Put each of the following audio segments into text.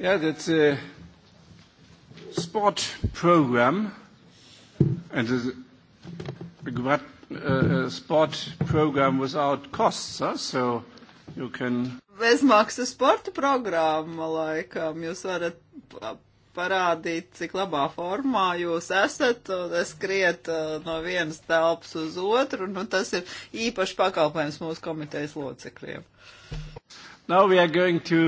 Yeah, that's a sport program and a, a sport program without costs, huh? so you can. Bezmaksas sporta programma laikam. Jūs varat parādīt, cik labā formā jūs esat, un es skriet eh, no vienas telpas uz otru. Nu, tas ir īpaši pakalpojums mūsu komitejas locekļiem. Now we are going to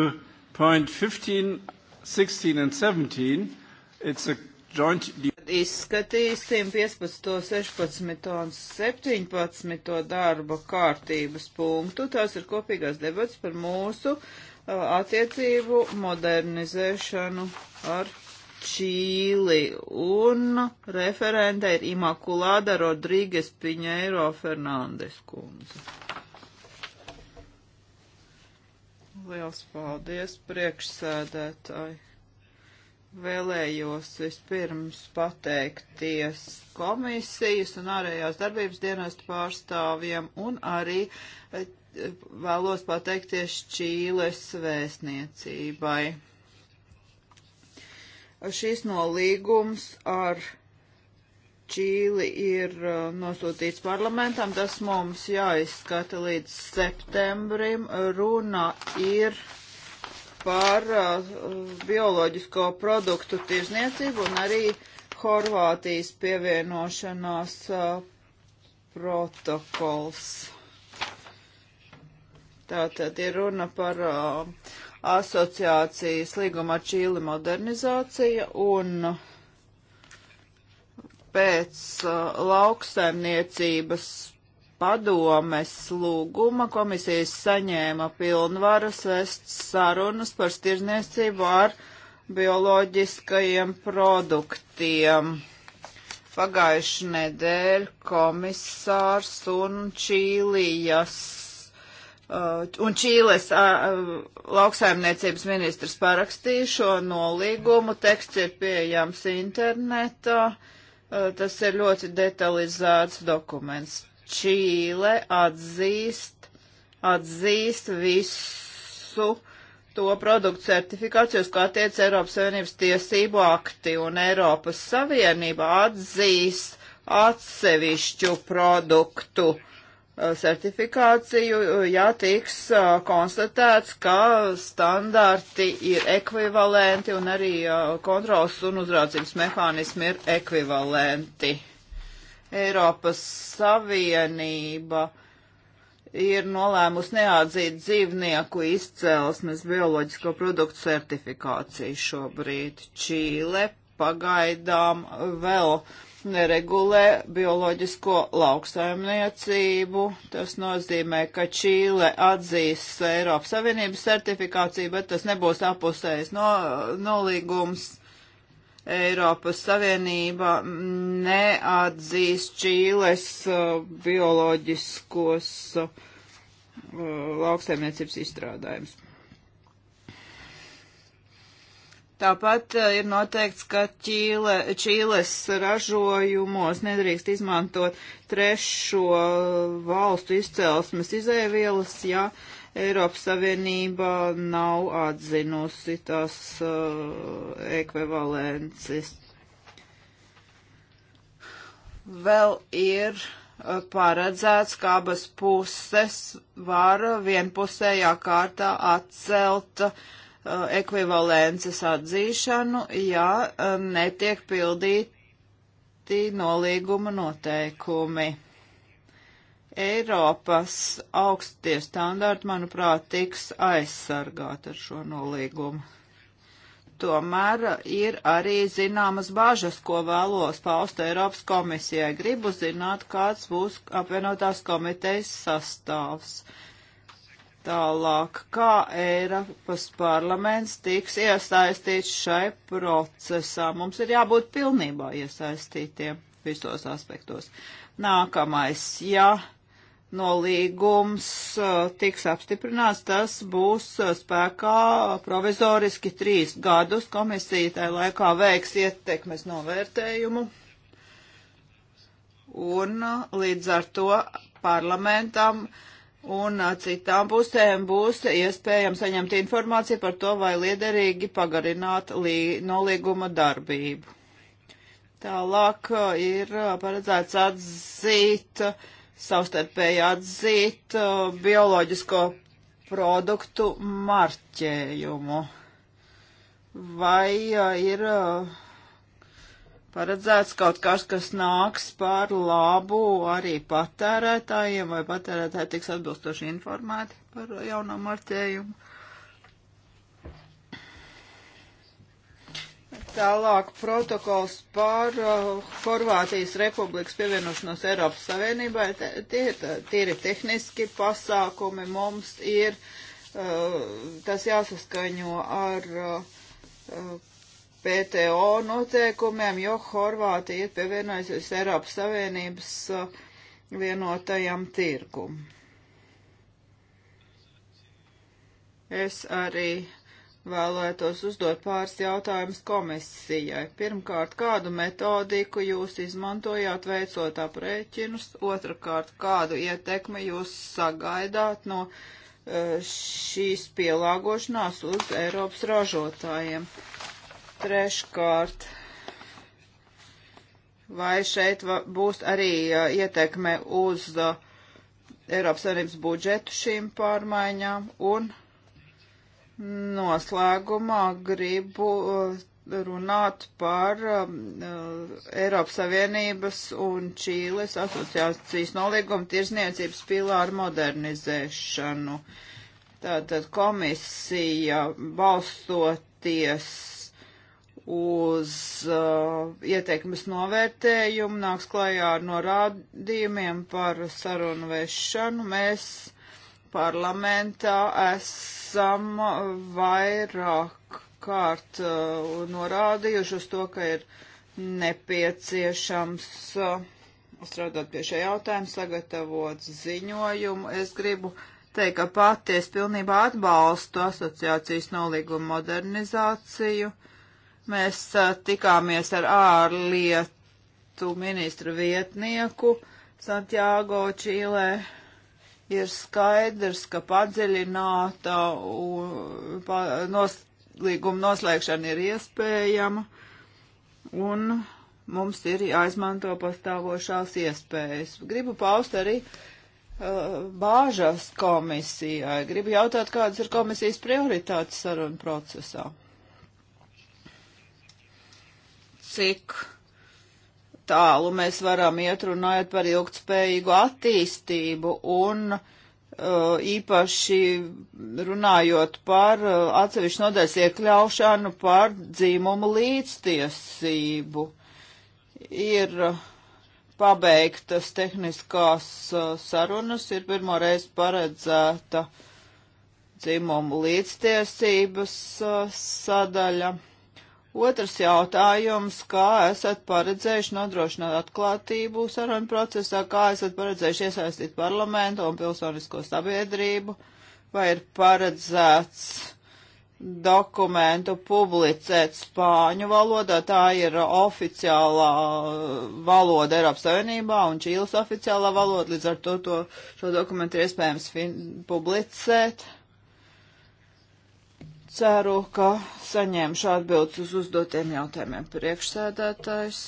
Point 15, 16 and 17, it's a joint... Izskatīsim 15, 16 un 17 darba kārtības punktu. Tās ir kopīgās debats par mūsu uh, attiecību modernizēšanu ar Čīli un referente ir Imakulāda Rodrīgas Piņēro Fernandes kundze. Liels paldies priekšsēdētāji. Vēlējos vispirms pateikties komisijas un ārējās darbības dienestu pārstāvjiem un arī eh, vēlos pateikties Čīles vēstniecībai. Šis nolīgums ar Čīli ir uh, nosūtīts parlamentam, tas mums jāizskata līdz septembrim. Runa ir par uh, bioloģisko produktu tirzniecību un arī Horvātijas pievienošanās uh, protokols. Tātad ir runa par uh, asociācijas līguma ar Čīli modernizācija un uh, pēc uh, lauksaimniecības padomes lūguma komisijas saņēma pilnvaras vest sarunas par tirzniecību ar bioloģiskajiem produktiem. Pagājuši nedēļ komisārs un Čīlijas uh, un Čīles uh, lauksaimniecības ministrs parakstīja šo nolīgumu. Teksts ir pieejams internetā. Uh, Uh, tas ir ļoti detalizēts dokuments. Čīle atzīst, atzīst visu to produktu certifikāciju, uz kā tiec Eiropas Savienības tiesību akti, un Eiropas Savienība atzīst atsevišķu produktu uh, Uh, certifikāciju, uh, ja tiks uh, konstatēts, ka standarti ir ekvivalenti un arī kontrols un uzraudzības mehānismi ir ekvivalenti. Eiropas Savienība ir nolēmusi neatzīt dzīvnieku izcelsmes bioloģisko produktu certifikāciju šobrīd. Čīle pagaidām vēl. Uh, regulē bioloģisko lauksaimniecību. Tas nozīmē, ka Čīle atzīs Eiropas Savienības certifikāciju, bet tas nebūs apusējs no, nolīgums. Eiropas Savienība neatzīs Čīles uh, bioloģiskos uh, lauksaimniecības izstrādājumus. Tāpat eh, ir noteikts, ka Čīle, Čīles ražojumos nedrīkst izmantot trešo eh, valstu izcelsmes izēvielas, ja Eiropas Savienība nav atzinusi tās uh, ekvivalences. Vēl ir uh, paredzēts, ka abas puses var vienpusējā kārtā atcelt uh, Uh, ekvivalences atzīšanu, ja uh, netiek pildīti nolīguma noteikumi. Eiropas augstie standarti, manuprāt, tiks aizsargāti ar šo nolīgumu. Tomēr uh, ir arī zināmas bažas, ko vēlos paust Eiropas komisijai. Gribu zināt, kāds būs apvienotās komitejas sastāvs. Uh, Tālāk, kā Eiropas parlaments tiks iesaistīts šai procesā? Mums ir jābūt pilnībā iesaistītiem visos aspektos. Nākamais, ja nolīgums uh, tiks apstiprināts, tas būs uh, spēkā provizoriski trīs gadus. Komisija tajā laikā veiks ietekmes novērtējumu. Un uh, līdz ar to parlamentam uh, un citām pusēm būs iespējams saņemt informāciju par to, vai liederīgi pagarināt nolīguma darbību. Tālāk ir paredzēts atzīt, savstarpēji atzīt bioloģisko produktu marķējumu. Vai ir uh, paredzēts kaut kas, kas nāks par labu arī patērētājiem, vai patērētāji tiks atbilstoši informēti par jauno marķējumu. Tālāk protokols par uh, Horvātijas republikas pievienošanos Eiropas Savienībai. Tie ir tīri tehniski pasākumi. Mums ir uh, tas jāsaskaņo ar uh, PTO noteikumiem, jo Horvātija ir pievienojusies Eiropas Savienības uh, vienotajam tirgum. Es arī vēlētos uzdot pāris jautājumus komisijai. Pirmkārt, kādu metodiku jūs izmantojāt veicot aprēķinus? Otrakārt, kādu ietekmi jūs sagaidāt no uh, šīs pielāgošanās uz Eiropas ražotājiem? Treškārt, vai šeit va, būs arī uh, ietekme uz uh, Eiropas Savienības budžetu šīm pārmaiņām? Un noslēgumā gribu uh, runāt par uh, Eiropas Savienības un Čīles asociācijas nolīgumu tirzniecības pilāru modernizēšanu. Tātad komisija balstoties uz uh, ieteikumus novērtējumu, nāks klajā ar norādījumiem par sarunu vešanu. Mēs parlamentā esam vairāk kārt uh, norādījuši uz to, ka ir nepieciešams uh, strādāt pie šī jautājuma, sagatavot ziņojumu. Es gribu teikt, ka pati es pilnībā atbalstu asociācijas nolīgumu modernizāciju. Uh, Mēs tikāmies ar ārlietu ministru vietnieku Santiago Čīlē. Ir skaidrs, ka padziļināta pa, nos, līguma noslēgšana ir iespējama un mums ir jāizmanto pastāvošās iespējas. Gribu paust arī uh, bāžas komisijai. Gribu jautāt, kādas ir komisijas prioritātes sarunu procesā cik tālu mēs varam iet runājot par ilgtspējīgu attīstību un uh, īpaši runājot par uh, atsevišķu nodaļas iekļaušanu par dzīmumu līdztiesību. Ir uh, pabeigtas tehniskās sarunas, ir pirmoreiz paredzēta dzimumu līdztiesības sadaļa. Otrs jautājums, kā esat paredzējuši nodrošināt atklātību sarunu procesā, kā esat paredzējuši iesaistīt parlamentu un pilsonisko sabiedrību, vai ir paredzēts dokumentu publicēt spāņu valodā, tā ir oficiālā valoda Eiropas Savienībā un Čīles oficiālā valoda, līdz ar to, to šo dokumentu ir iespējams publicēt. Ceru, ka saņemšu atbildes uz uzdotiem jautājumiem priekšsēdētājs.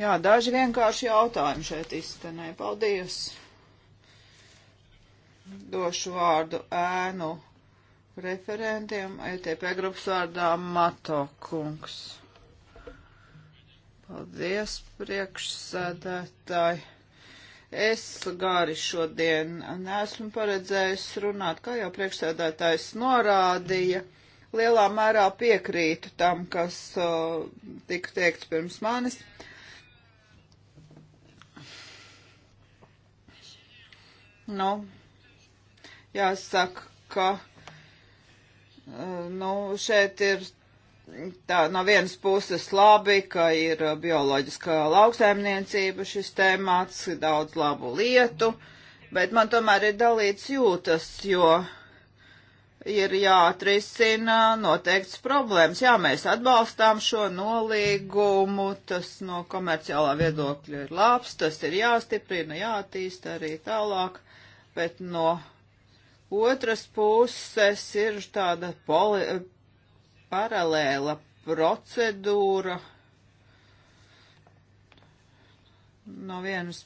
Jā, daži vienkārši jautājumi šeit iztenē. Paldies! Došu vārdu ēnu referentiem, ETP grupas vārdā Mato kungs. Paldies, priekšsēdētāji. Es gari šodien neesmu paredzējis runāt, kā jau priekšsēdētājs norādīja lielā mērā piekrītu tam, kas uh, tika teikts pirms manis. Nu, jāsaka, ka uh, nu, šeit ir tā no vienas puses labi, ka ir uh, bioloģiskā lauksaimniecība šis tēmāts, daudz labu lietu, bet man tomēr ir dalīts jūtas, jo uh, ir jāatrisina noteikts problēmas. Jā, mēs atbalstām šo nolīgumu, tas no komerciālā viedokļa ir labs, tas ir jāstiprina, jātīsta arī tālāk, bet no otras puses ir tāda poli, paralēla procedūra. No vienas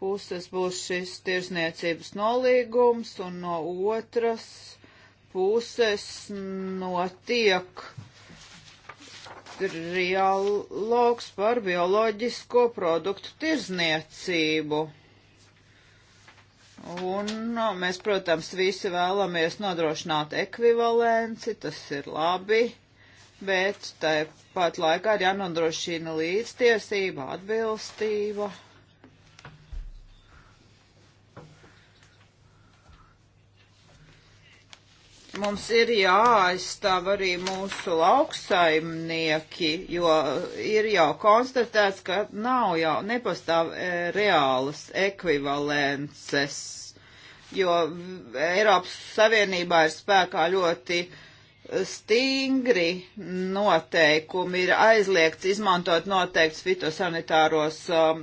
puses būs šis tirsniecības nolīgums, un no otras puses notiek trialogs par bioloģisko produktu tirzniecību. Un no, mēs, protams, visi vēlamies nodrošināt ekvivalenci, tas ir labi, bet tāpat laikā ir jānodrošina līdztiesība, atbilstība. mums ir jāaizstāv arī mūsu lauksaimnieki, jo ir jau konstatēts, ka nav jau nepastāv e, reālas ekvivalences, jo Eiropas Savienībā ir spēkā ļoti uh, stingri noteikumi ir aizliegts izmantot noteikts fitosanitāros um,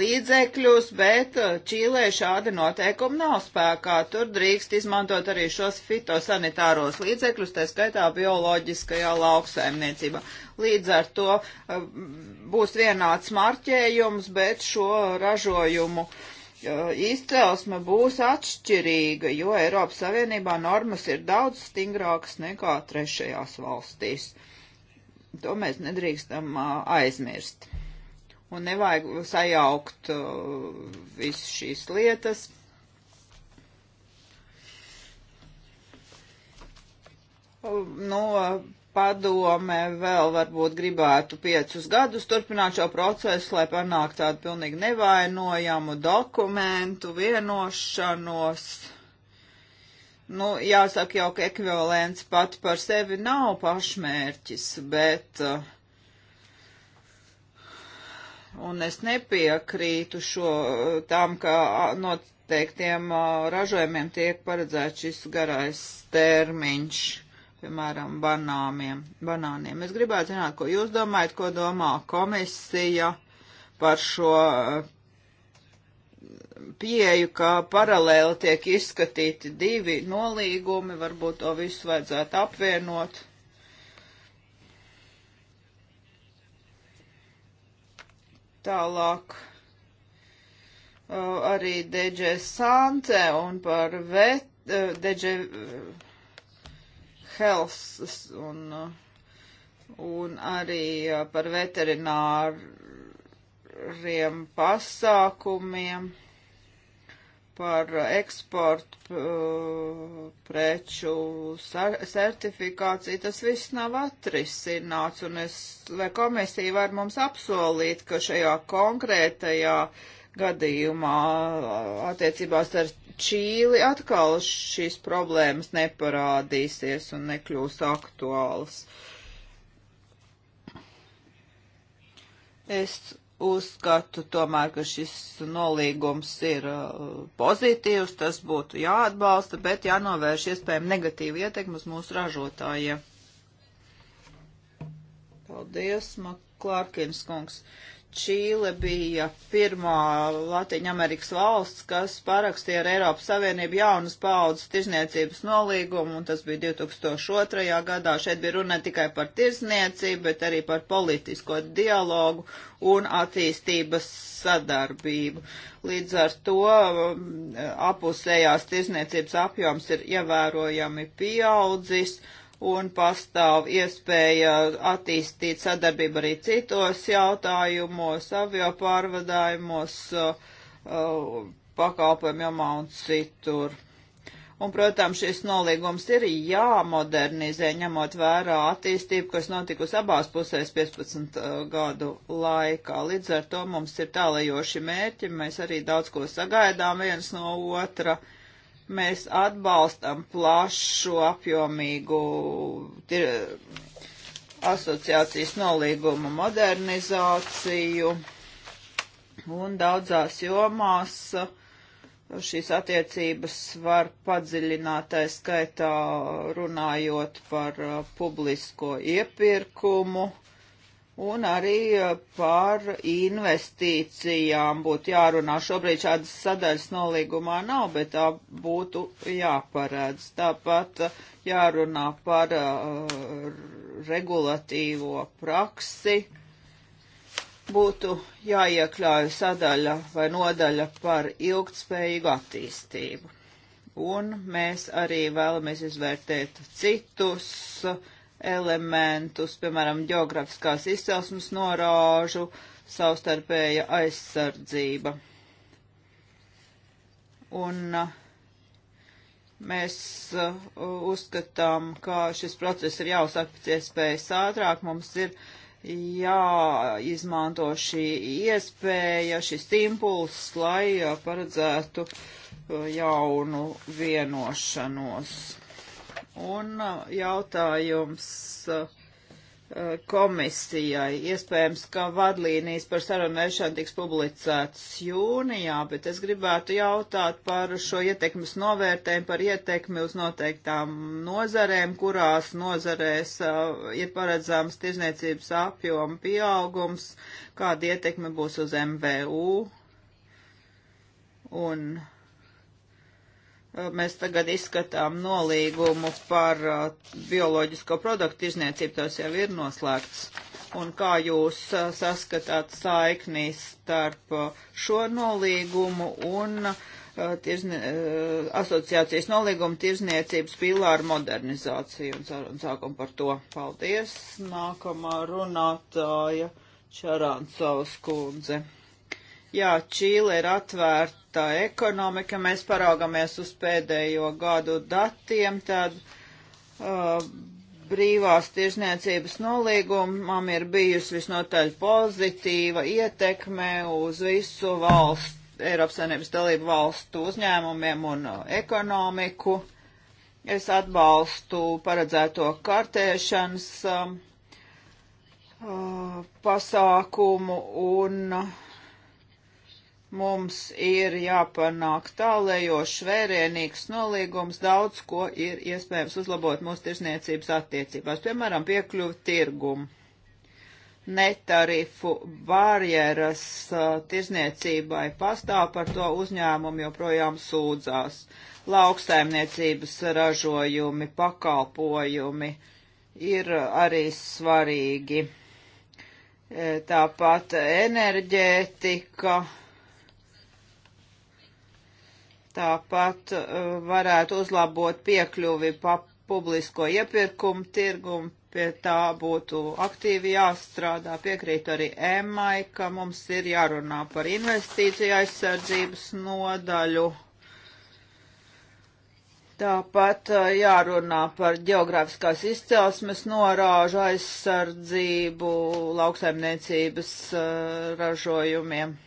līdzekļus, bet uh, Čīlē šādi noteikumi nav spēkā. Tur drīkst izmantot arī šos fitosanitāros līdzekļus, tā skaitā bioloģiskajā lauksaimniecībā. Līdz ar to um, būs vienāds marķējums, bet šo ražojumu uh, izcelsme būs atšķirīga, jo Eiropas Savienībā normas ir daudz stingrākas nekā trešajās valstīs. To mēs nedrīkstam aizmirst. Un nevajag sajaukt visas šīs lietas. Nu, padome vēl varbūt gribētu piecus gadus turpināt šo procesu, lai panāktu tādu pilnīgi nevainojamu dokumentu, vienošanos. Nu, jāsaka jau, ka ekvivalents pat par sevi nav pašmērķis, bet. Uh, un es nepiekrītu šo uh, tam, ka uh, noteiktiem ražojumiem tiek paredzēts šis garais termiņš piemēram, banāmiem, banāniem. Es gribētu zināt, ko jūs domājat, ko domā komisija par šo eh, pieeju, ka paralēli tiek izskatīti divi nolīgumi, varbūt to visu vajadzētu apvienot. Tālāk eh, arī DG Sante un par vet, eh, DG Helsas un, un arī par veterināriem pasākumiem, par eksportu uh, preču certifikāciju, tas viss nav atrisināts, un es, vai komisija var mums apsolīt, ka šajā konkrētajā uh, gadījumā attiecībās ar Čīli atkal šīs problēmas neparādīsies un nekļūs aktuāls. Es uzskatu tomēr, ka šis nolīgums ir uh, pozitīvs, tas būtu jāatbalsta, bet jānovērš iespējami negatīvu ietekmi uz mūsu ražotājiem. Paldies, Maklārkins kungs. Čīle bija pirmā Latvijas-Amerikas valsts, kas parakstīja ar Eiropas Savienību jaunas paudzes tirzniecības nolīgumu, un tas bija 2002. gadā. Šeit bija runa ne tikai par tirzniecību, bet arī par politisko dialogu un attīstības sadarbību. Līdz ar to um, apusējās tirzniecības apjoms ir ievērojami pieaudzis un pastāv iespēja attīstīt sadarbību arī citos jautājumos, avio pārvadājumos, uh, uh, pakalpojumu jomā un citur. Un, protams, šis nolīgums ir jāmodernizē, ņemot vērā attīstību, kas notikusi abās pusēs 15 uh, gadu laikā. Līdz ar to mums ir tālajoši mērķi, mēs arī daudz ko sagaidām viens no otra. Uh, Mēs atbalstam plašu apjomīgu asociācijas nolīgumu modernizāciju un daudzās jomās šīs attiecības var padziļināt, skaitā runājot par publisko iepirkumu un arī eh, par investīcijām būtu jārunā. Šobrīd šādas sadaļas nolīgumā nav, bet tā būtu jāparedz. Tāpat eh, jārunā par uh, regulatīvo praksi. Būtu jāiekļauj sadaļa vai nodaļa par ilgtspējīgu attīstību. Un mēs arī vēlamies izvērtēt citus uh, elementus, piemēram, geografiskās izcelsmes norāžu, savstarpēja aizsardzība. Un uh, mēs uh, uzskatām, ka šis process ir jāuzsāk pēc iespējas ātrāk. Mums ir jāizmanto šī iespēja, šis impulss, lai uh, paredzētu jaunu vienošanos Un uh, jautājums uh, komisijai. Iespējams, ka vadlīnijas par sarunvēršanu tiks publicētas jūnijā, bet es gribētu jautāt par šo ietekmes novērtējumu, par ietekmi uz noteiktām nozarēm, kurās nozarēs uh, ir paredzams tirzniecības apjoma pieaugums, kāda ietekme būs uz MVU. Un Eh, mēs tagad izskatām nolīgumu par eh, bioloģisko produktu izniecību, tas jau ir noslēgts. Un kā jūs eh, saskatāt saiknī starp šo nolīgumu un tirzne, asociācijas nolīgumu tirzniecības pīlāru modernizāciju? Un, un sākam par to. Paldies. Nākamā runātāja Čarāncovs kundze. Jā, Čīle ir atvērta tā ekonomika, mēs paraugamies uz pēdējo gadu datiem, tad uh, brīvās tiešniecības nolīgumam ir bijusi visnotaļ pozitīva ietekme uz visu valstu, Eiropas Savienības dalību valstu uzņēmumiem un uh, ekonomiku. Es atbalstu paredzēto kartēšanas um, uh, pasākumu un uh, Mums ir jāpanāk tālējošs vērienīgs nolīgums, daudz ko ir iespējams uzlabot mūsu tirsniecības attiecībās, piemēram, piekļuvi tirgumu netarifu barjeras uh, tirzniecībai pastāv, par to uzņēmumi joprojām sūdzās. Lauksaimniecības ražojumi, pakalpojumi ir arī svarīgi. E, tāpat enerģētika Tāpat eh, varētu uzlabot piekļuvi pa publisko iepirkumu tirgumu, pie tā būtu aktīvi jāstrādā. Piekrītu arī Emmai, ka mums ir jārunā par investīciju aizsardzības nodaļu. Tāpat eh, jārunā par geogrāfiskās izcelsmes norāžu aizsardzību lauksaimniecības eh, ražojumiem.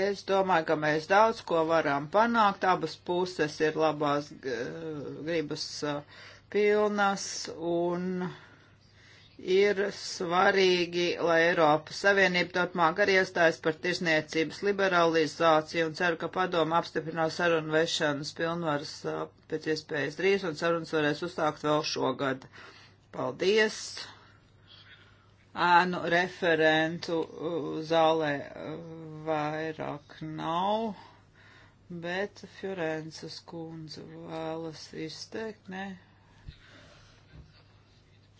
Es domāju, ka mēs daudz ko varam panākt. Abas puses ir labās gribas uh, pilnas un ir svarīgi, lai Eiropas Savienība turpmāk arī iestājas par tirsniecības liberalizāciju un ceru, ka padoma apstiprinās sarunu vešanas pilnvaras uh, pēc iespējas drīz un sarunas varēs uzsākt vēl šogad. Paldies! ēnu referentu uh, zālē uh, vairāk nav, bet Fiorences kundze vēlas izteikt, ne?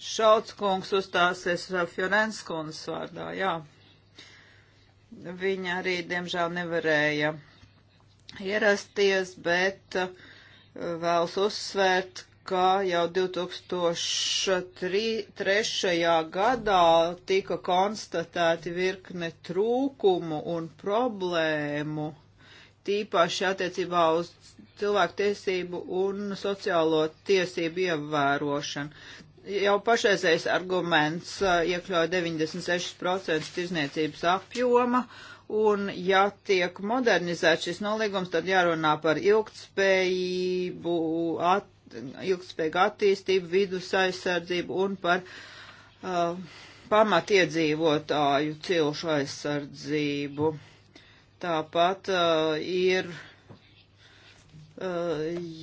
Šauts kungs uzstāsies uh, Fiorences kundzes vārdā, jā. Viņa arī, diemžēl, nevarēja ierasties, bet vēlas uzsvērt, ka jau 2003. gadā tika konstatēti virkne trūkumu un problēmu, tīpaši attiecībā uz cilvēktiesību un sociālo tiesību ievērošanu. Jau pašreizējais arguments uh, iekļauj 96% tirzniecības apjoma, un ja tiek modernizēts šis nolīgums, tad jārunā par ilgtspējību, at ilgspējīgu attīstību, vidus aizsardzību un par uh, pamatiedzīvotāju cilšu aizsardzību. Tāpat uh, ir uh,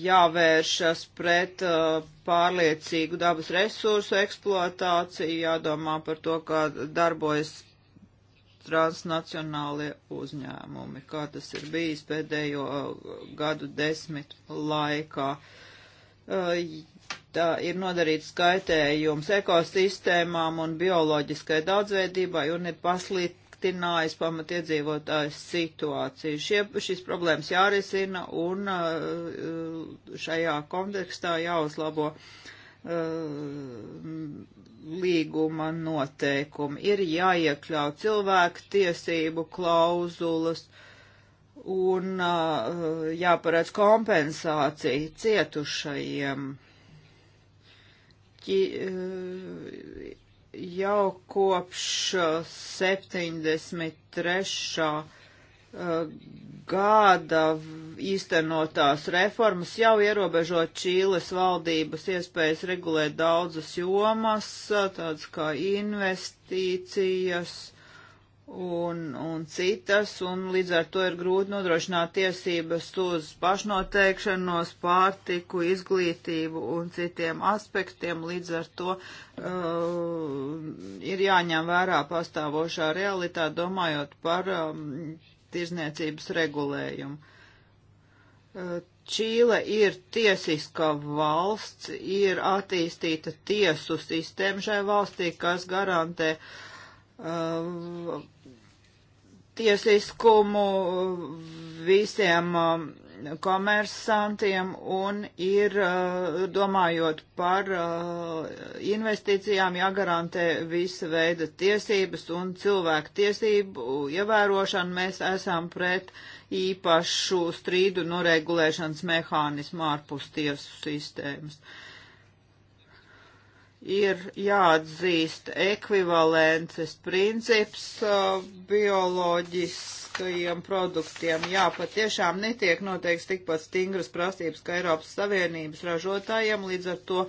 jāvēršas pret uh, pārliecīgu dabas resursu eksploatāciju, jādomā par to, kā darbojas transnacionālie uzņēmumi, kā tas ir bijis pēdējo uh, gadu desmit laikā. Uh, tā ir nodarīts skaitējums ekosistēmām un bioloģiskai daudzveidībai un ir pasliktinājis pamatiedzīvotājs situāciju. Šie, šis problēmas jārisina un uh, šajā kontekstā jāuzlabo uh, līguma noteikumi. Ir jāiekļaut cilvēku tiesību klauzulas, uh, un uh, jāparedz kompensācija cietušajiem. Ķi, uh, jau kopš 73. Uh, gada īstenotās reformas jau ierobežo Čīles valdības iespējas regulēt daudzas jomas, tādas kā investīcijas, un, un citas, un līdz ar to ir grūti nodrošināt tiesības uz pašnoteikšanos, pārtiku, izglītību un citiem aspektiem. Līdz ar to uh, ir jāņem vērā pastāvošā realitāte, domājot par um, tirzniecības regulējumu. Uh, Čīle ir tiesiska valsts, ir attīstīta tiesu sistēma šai valstī, kas garantē uh, tiesiskumu visiem um, komersantiem un ir, uh, domājot par uh, investīcijām, jāgarantē visa veida tiesības un cilvēku tiesību ievērošanu. Mēs esam pret īpašu strīdu noregulēšanas mehānismu ārpus tiesu sistēmas. Uh, ir jāatzīst ekvivalences princips uh, bioloģiskajiem produktiem. Jā, patiešām netiek noteikts tikpat stingras prasības kā Eiropas Savienības ražotājiem, līdz ar to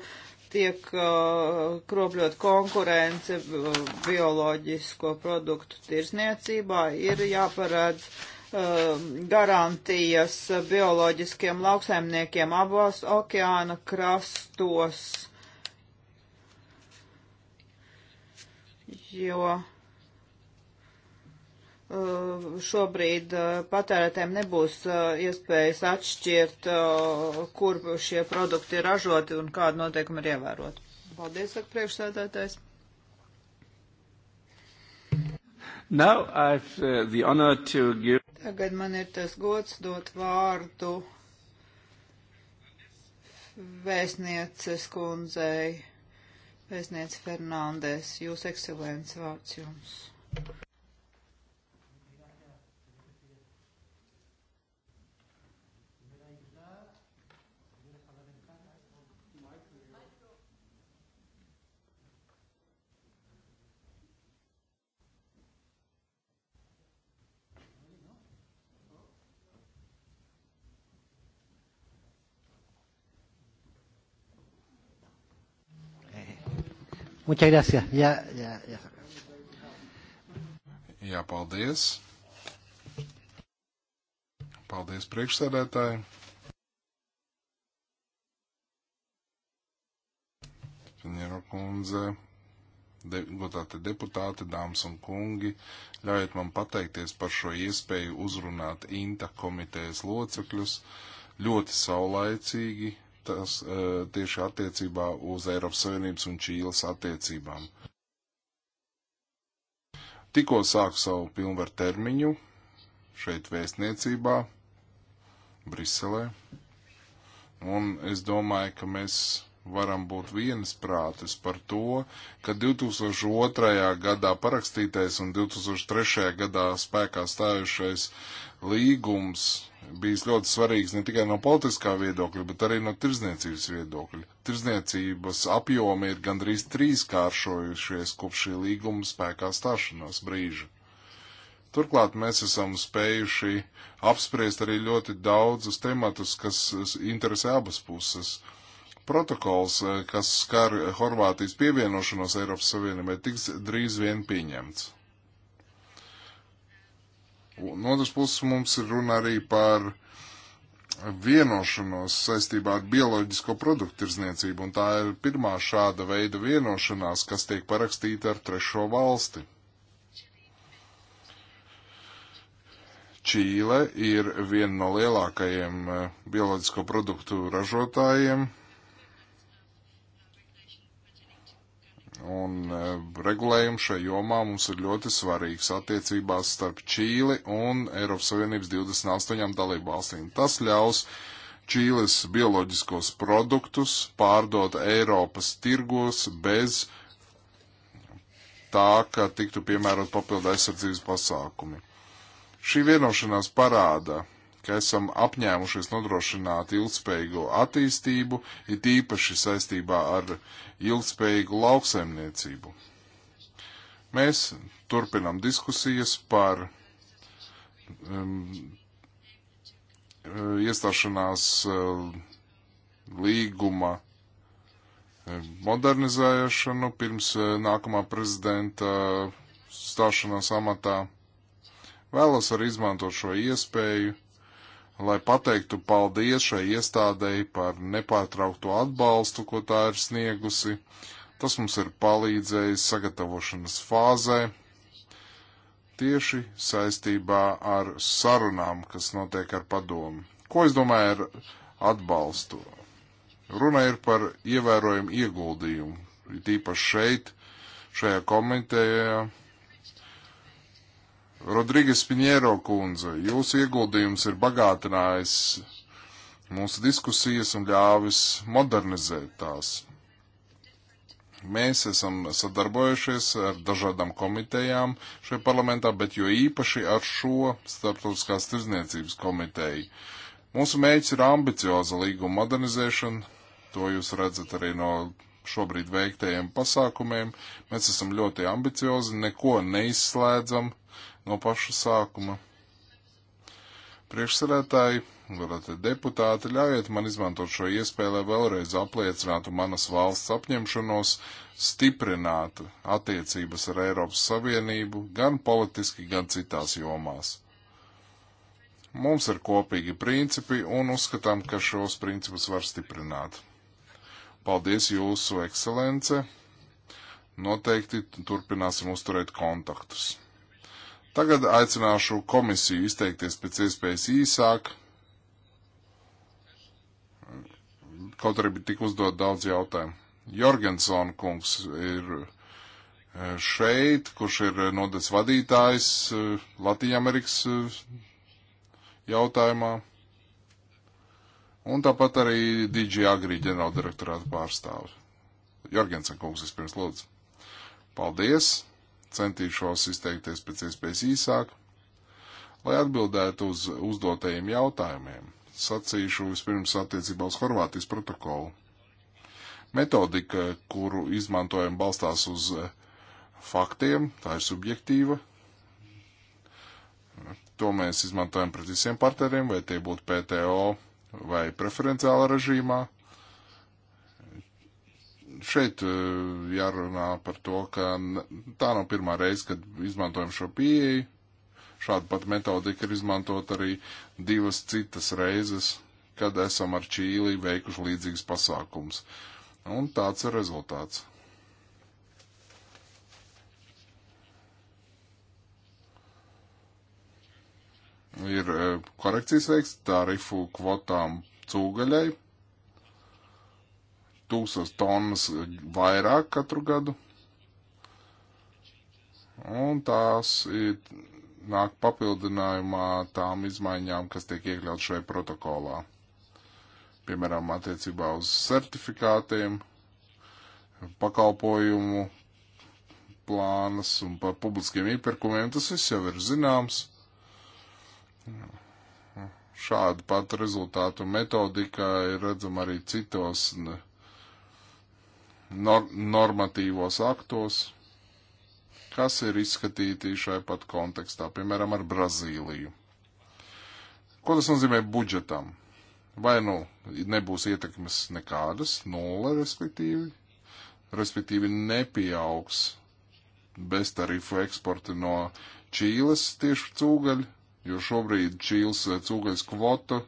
tiek uh, kropļot konkurence uh, bioloģisko produktu tirsniecībā, ir jāparādz uh, um, garantijas bioloģiskiem lauksaimniekiem abos okeāna krastos jo uh, šobrīd uh, patērētēm nebūs uh, iespējas atšķirt, kur šie produkti ir ražoti un kādu noteikumu ir ievērot. Paldies, saka priekšsēdētājs. Now I've uh, the honor to give. Tagad man ir tas gods dot vārdu vēstnieces kundzei. Vēstniec Fernandes, jūs ekscelents vārds jums. Muchas gracias. Jā, jā, jā. jā, paldies. Paldies priekšsēdētāji. Piņero kundze, de, gotāti deputāti, dāmas un kungi, ļaujiet man pateikties par šo iespēju uzrunāt INTA komitejas locekļus ļoti saulaicīgi tas e, tieši attiecībā uz Eiropas Savienības un Čīles attiecībām. Tikko sāku savu pilnvaru termiņu šeit vēstniecībā, Briselē, un es domāju, ka mēs varam būt viensprātis par to, ka 2002. gadā parakstītais un 2003. gadā spēkā stājušais līgums bijis ļoti svarīgs ne tikai no politiskā viedokļa, bet arī no tirzniecības viedokļa. Tirzniecības apjomi ir gandrīz trīskāršojušies kopš šī līguma spēkā stāšanās brīža. Turklāt mēs esam spējuši apspriest arī ļoti daudzus tematus, kas interesē abas puses. Uh, Protokols, eh, kas skar Horvātijas pievienošanos Eiropas Savienībai, tiks drīz vien pieņemts. No otras puses mums ir runa arī par vienošanos saistībā ar bioloģisko produktu tirzniecību, un tā ir pirmā šāda veida vienošanās, kas tiek parakstīta ar trešo valsti. Čīle ir viena no lielākajiem eh, bioloģisko produktu ražotājiem, un e, regulējums šajā jomā mums ir ļoti svarīgs attiecībās starp Čīli un Eiropas Savienības 28 dalību valstīm. Tas ļaus Čīles bioloģiskos produktus pārdot Eiropas tirgos bez tā, ka tiktu piemērot papildu aizsardzības pasākumi. Šī vienošanās parāda, ka esam apņēmušies nodrošināt ilgspējīgu attīstību, it īpaši saistībā ar ilgspējīgu lauksaimniecību. Mēs turpinam diskusijas par um, uh, iestāšanās uh, līguma uh, modernizēšanu pirms uh, nākamā prezidenta stāšanās amatā. Vēlos arī izmantot šo iespēju lai pateiktu paldies šai iestādēji par nepārtraukto atbalstu, ko tā ir sniegusi. Tas mums ir palīdzējis sagatavošanas fāzē tieši saistībā ar sarunām, kas notiek ar padomu. Ko es domāju ar atbalstu? Runa ir par ievērojumu ieguldījumu, tīpaši šeit, šajā komitejā, Rodrīgas Piņēro kundze, jūsu ieguldījums ir bagātinājis mūsu diskusijas un ļāvis modernizēt tās. Mēs esam sadarbojušies ar dažādām komitejām šajā parlamentā, bet jo īpaši ar šo starptautiskās tirzniecības komiteju. Mūsu mērķis ir ambicioza līguma modernizēšana, to jūs redzat arī no šobrīd veiktajiem pasākumiem. Mēs esam ļoti ambiciozi, neko neizslēdzam, no paša sākuma. Priekšsēdētāji, godātie deputāti, ļaujiet man izmantot šo iespēju, lai vēlreiz apliecinātu manas valsts apņemšanos stiprināt attiecības ar Eiropas Savienību gan politiski, gan citās jomās. Mums ir kopīgi principi un uzskatām, ka šos principus var stiprināt. Paldies jūsu ekscelence! Noteikti turpināsim uzturēt kontaktus. Tagad aicināšu komisiju izteikties pēc iespējas īsāk, kaut arī tik uzdot daudz jautājumu. Jorgenson kungs ir e, šeit, kurš ir nodas vadītājs e, Latvijas-Amerikas e, jautājumā, un tāpat arī DJ Agri ģenerāldirektorāta pārstāvis. Jorgensen kungs vispirms lūdzu. Paldies! centīšos izteikties pēc iespējas īsāk, lai atbildētu uz uzdotajiem jautājumiem. Sacīšu vispirms attiecībā uz Horvātijas protokolu. Metodika, kuru izmantojam, balstās uz eh, faktiem, tā ir subjektīva. To mēs izmantojam pret visiem partneriem, vai tie būtu PTO vai preferenciāla režīmā šeit e, jārunā par to, ka tā nav pirmā reize, kad izmantojam šo pieeju. Šāda pat metodika ir izmantot arī divas citas reizes, kad esam ar Čīli veikuši līdzīgas pasākums. Un tāds ir rezultāts. Ir e, korekcijas veikts tarifu kvotām cūgaļai, tūkstas tonnas vairāk katru gadu. Un tās ir, nāk papildinājumā tām izmaiņām, kas tiek iekļaut šajā protokolā. Piemēram, attiecībā uz certifikātiem, pakalpojumu plānas un par publiskiem iepirkumiem, tas viss jau ir zināms šādu pat rezultātu metodika ir redzama arī citos nor normatīvos aktos, kas ir izskatīti šai pat kontekstā, piemēram, ar Brazīliju. Ko tas nozīmē budžetam? Vai nu nebūs ietekmes nekādas, nulle respektīvi, respektīvi nepieaugs beztarifu eksporta no Čīles tieši cūgaļu, jo šobrīd Čīles eh, cūgaļas kvota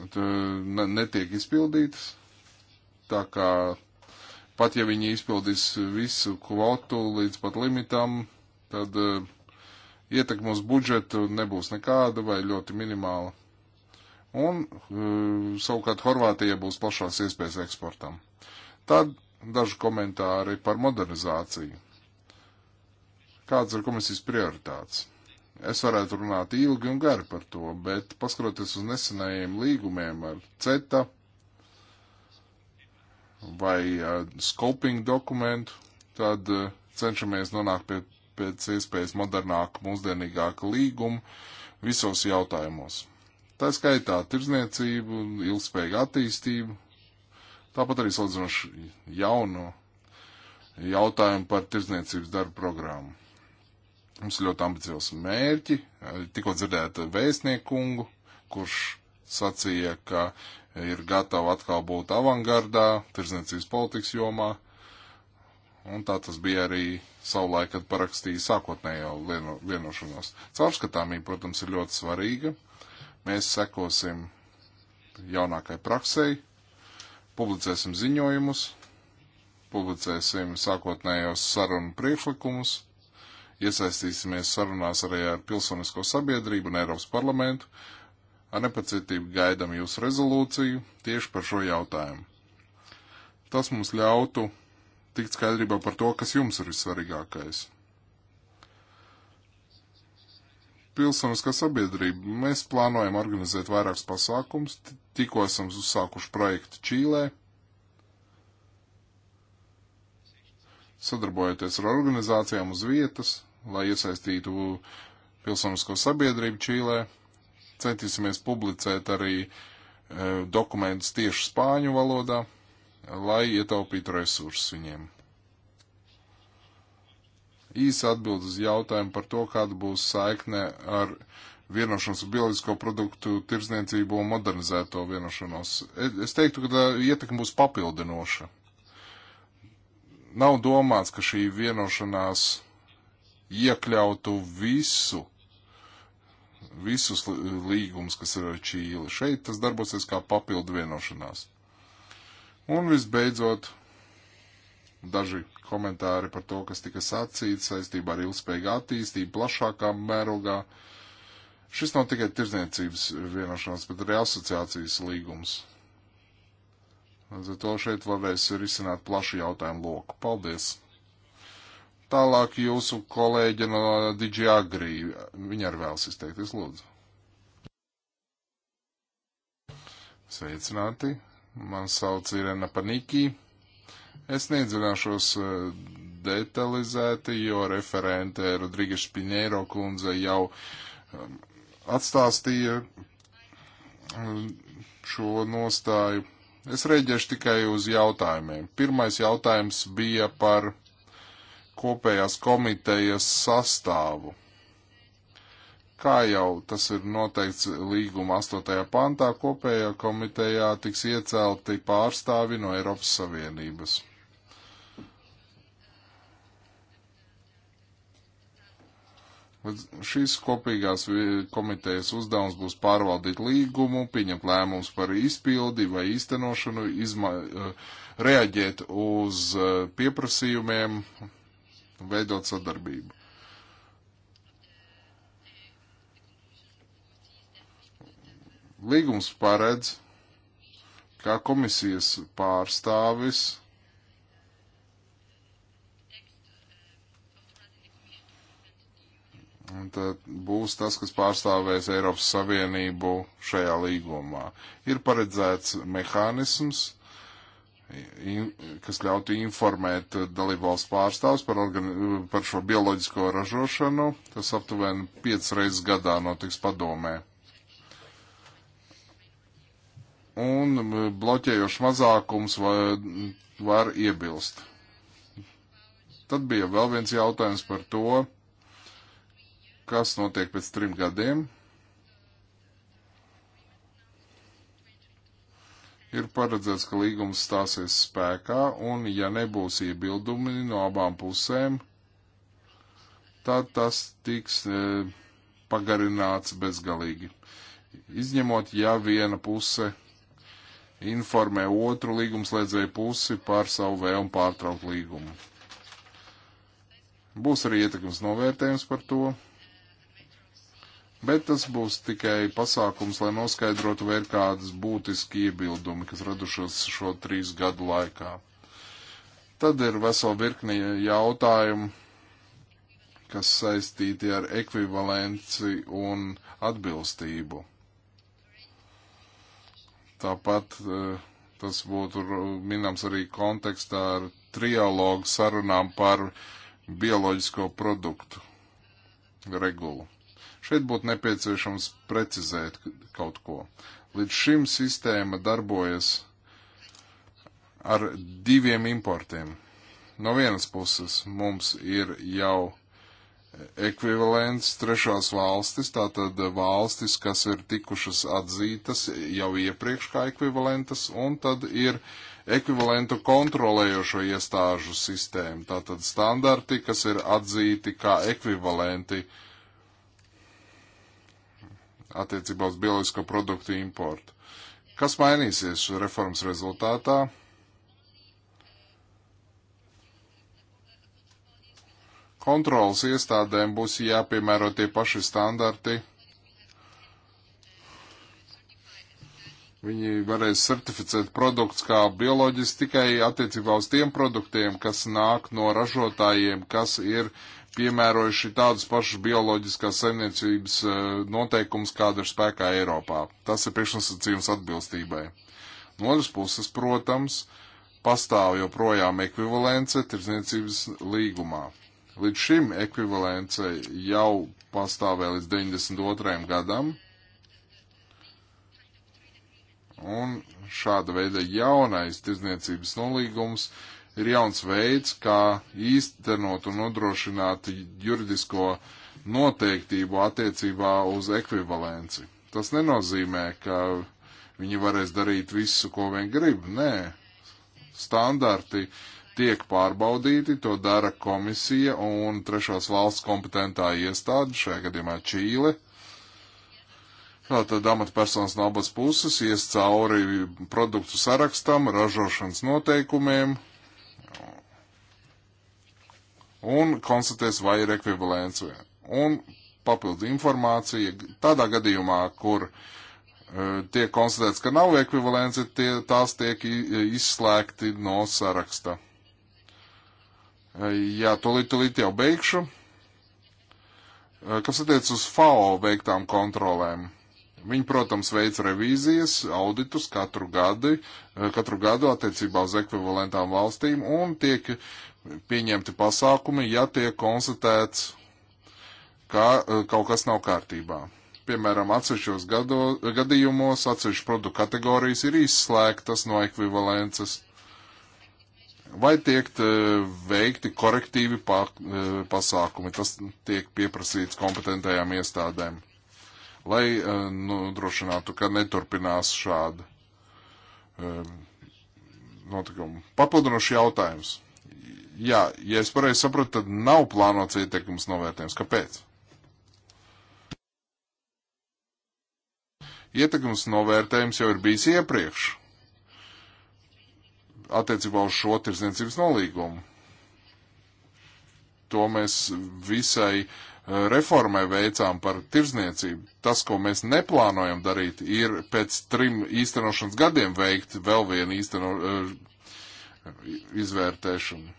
eh, netiek izpildītas. Tā kā pat ja viņi izpildīs visu kvotu līdz pat limitam, tad uh, eh, ietekme uz budžetu nebūs nekāda vai ļoti minimāla. Un uh, savukārt Horvātija būs plašās iespējas eksportam. Tad daži komentāri par modernizāciju. Kāds ir komisijas prioritāts? Es varētu runāt ilgi un gari par to, bet paskatoties uz nesenajiem līgumiem ar CETA, vai uh, scoping dokumentu, tad uh, cenšamies nonākt pie pēc iespējas modernāka, mūsdienīgāka līguma visos jautājumos. Tā skaitā tirzniecību, ilgspējīgu attīstību, tāpat arī salīdzinoši jauno jautājumu par tirzniecības darbu programmu. Mums ir ļoti ambiciozi mērķi, tikko dzirdēt vēstniekungu, kurš sacīja, ka ir gatava atkal būt avangardā, tirdzniecības politikas jomā. Un tā tas bija arī savulaik, kad parakstīja sākotnējo lieno, vienošanos. Caurskatāmība, protams, ir ļoti svarīga. Mēs sekosim jaunākai praksei, publicēsim ziņojumus, publicēsim sākotnējos sarunu priekšlikumus, iesaistīsimies sarunās arī ar pilsonisko sabiedrību un Eiropas parlamentu, Ar nepacietību gaidam jūsu rezolūciju tieši par šo jautājumu. Tas mums ļautu tikt skaidrībā par to, kas jums ir vissvarīgākais. Pilsoniskā sabiedrība. Mēs plānojam organizēt vairākus pasākums. Tikko esam uzsākuši projektu Čīlē. Sadarbojoties ar organizācijām uz vietas, lai iesaistītu pilsonisko sabiedrību Čīlē centīsimies publicēt arī e, dokumentus tieši spāņu valodā, lai ietaupītu resursus viņiem. Īsa atbild uz jautājumu par to, kāda būs saikne ar vienošanos ar bioloģisko produktu tirdzniecību un modernizēto vienošanos. E, es teiktu, ka tā ietekme būs papildinoša. Nav domāts, ka šī vienošanās iekļautu visu visus līgumus, kas ir ar Čīli. Šeit tas darbosies kā papildu vienošanās. Un visbeidzot, daži komentāri par to, kas tika sacīts saistībā ar ilgspējīgu attīstību plašākā mērogā. Šis nav tikai tirdzniecības vienošanās, bet arī asociācijas līgums. Līdz ar to šeit varēs risināt plašu jautājumu loku. Paldies! Tālāk jūsu kolēģi no DigiAgri, viņa arī vēlas izteikties, lūdzu. Sveicināti, man sauc Irena Paniki. Es neiedzināšos eh, detalizēti, jo referente Rodrīgas Piņēro kundze jau um, atstāstīja um, šo nostāju. Es rēģēšu tikai uz jautājumiem. Pirmais jautājums bija par kopējās komitejas sastāvu. Kā jau tas ir noteikts līguma 8. pantā, kopējā komitejā tiks iecelti pārstāvi no Eiropas Savienības. Šīs kopīgās komitejas uzdevums būs pārvaldīt līgumu, pieņemt lēmumus par izpildi vai īstenošanu, izma, eh, reaģēt uz eh, pieprasījumiem un veidot sadarbību. Līgums paredz, kā komisijas pārstāvis Un tad būs tas, kas pārstāvēs Eiropas Savienību šajā līgumā. Ir paredzēts mehānisms, kas ļautu informēt dalībvalsts pārstāvs par, organi, par šo bioloģisko ražošanu. Tas aptuveni 5 reizes gadā notiks padomē. Un bloķējošs mazākums var, var iebilst. Tad bija vēl viens jautājums par to, kas notiek pēc trim gadiem. ir paredzēts, ka līgums stāsies spēkā, un ja nebūs iebildumi no abām pusēm, tad tas tiks e, pagarināts bezgalīgi. Izņemot, ja viena puse informē otru līgumslēdzēju pusi par savu vēlmu pārtraukt līgumu. Būs arī ietekmes novērtējums par to, Bet tas būs tikai pasākums, lai noskaidrotu, vai ir kādas būtiski iebildumi, kas radušas šo trīs gadu laikā. Tad ir vesela virkni jautājumu, kas saistīti ar ekvivalenci un atbilstību. Tāpat eh, tas būtu minams arī kontekstā ar trialogu sarunām par bioloģisko produktu regulu. Šeit būtu nepieciešams precizēt kaut ko. Līdz šim sistēma darbojas ar diviem importiem. No vienas puses mums ir jau ekvivalents trešās valstis, tātad valstis, kas ir tikušas atzītas jau iepriekš kā ekvivalentas, un tad ir ekvivalentu kontrolējošo iestāžu sistēma, tātad standarti, kas ir atzīti kā ekvivalenti uh, attiecībā uz bioloģisko produktu importu. Kas mainīsies reformas rezultātā? Kontrolas iestādēm būs jāpiemēro tie paši standarti. Viņi varēs certificēt produkts kā bioloģiski tikai attiecībā uz tiem produktiem, kas nāk no ražotājiem, kas ir uh, piemērojuši tādus pašus bioloģiskās saimniecības eh, noteikumus, kāda ir spēkā Eiropā. Tas ir priekšnosacījums atbilstībai. No otras puses, protams, pastāv joprojām ekvivalence tirdzniecības līgumā. Līdz šim ekvivalence jau pastāvēja līdz 92. gadam, un šāda veida jaunais tirdzniecības nolīgums uh, ir jauns veids, kā īstenot un nodrošināt juridisko noteiktību attiecībā uz ekvivalenci. Tas nenozīmē, ka viņi varēs darīt visu, ko vien grib. Nē, standarti tiek pārbaudīti, to dara komisija un trešās valsts kompetentā iestāde, šajā gadījumā Čīle. Tātad amatpersonas no abas puses ies cauri produktu sarakstam, ražošanas noteikumiem, un konstatēs, vai ir ekvivalence. Un papildu informācija tādā gadījumā, kur uh, tiek konstatēts, ka nav ekvivalence, tie, tās tiek e, izslēgti no saraksta. Uh, jā, tolīt, tolīt jau beigšu. Uh, kas attiec uz FAO veiktām kontrolēm? Viņi, protams, veic revīzijas, auditus katru gadu, katru gadu attiecībā uz ekvivalentām valstīm un tiek uh, pieņemti pasākumi, ja tiek konstatēts, ka e, kaut kas nav kārtībā. Piemēram, atsevišķos gado, gadījumos atsevišķu produktu kategorijas ir izslēgtas no ekvivalences. Vai tiek e, veikti korektīvi pa, e, pasākumi, tas tiek pieprasīts kompetentajām iestādēm, lai nodrošinātu, nu, ka neturpinās šāda notikuma. Papildinošs jautājums Jā, ja es pareizi saprotu, tad nav plānots ietekmes novērtējums. Kāpēc? Ietekmes novērtējums jau ir bijis iepriekš attiecībā uz šo tirsniecības nolīgumu. To mēs visai eh, reformai veicām par tirsniecību. Tas, ko mēs neplānojam darīt, ir pēc trim īstenošanas gadiem veikt vēl vienu īsteno, eh, izvērtēšanu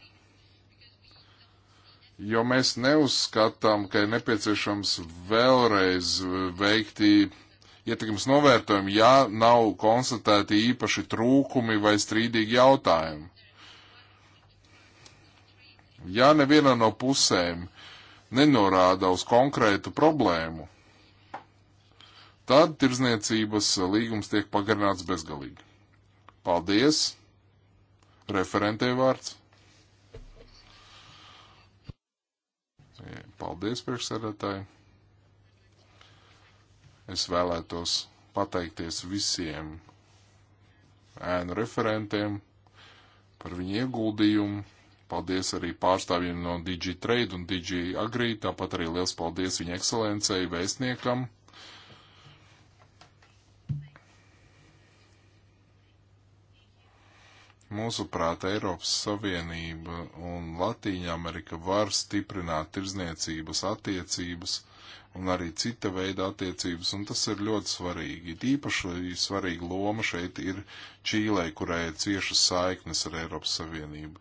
jo mēs neuzskatām, ka ir nepieciešams vēlreiz veikti ietekmes novērtējumi, ja nav konstatēti īpaši trūkumi vai strīdīgi jautājumi. Ja neviena no pusēm nenorāda uz konkrētu problēmu, tad tirzniecības līgums tiek pagarināts bezgalīgi. Paldies! Referentē vārds. Paldies, priekšsēdētāji! Es vēlētos pateikties visiem ēnu referentiem par viņu ieguldījumu. Paldies arī pārstāvjiem no DigiTrade un DigiAgrī, tāpat arī liels paldies viņa ekscelencei vēstniekam Mūsuprāt, Eiropas Savienība un Latīņa Amerika var stiprināt tirzniecības attiecības un arī cita veida attiecības, un tas ir ļoti svarīgi. Īpaši svarīga loma šeit ir Čīlē, kurai ir ciešas saiknes ar Eiropas Savienību.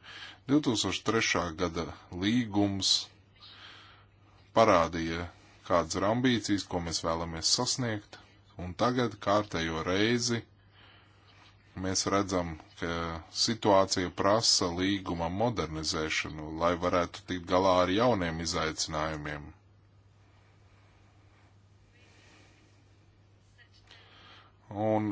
2003. gada līgums parādīja, kādas ir ambīcijas, ko mēs vēlamies sasniegt, un tagad kārtējo reizi mēs redzam, ka situācija prasa līguma modernizēšanu, lai varētu tikt galā ar jauniem izaicinājumiem. Un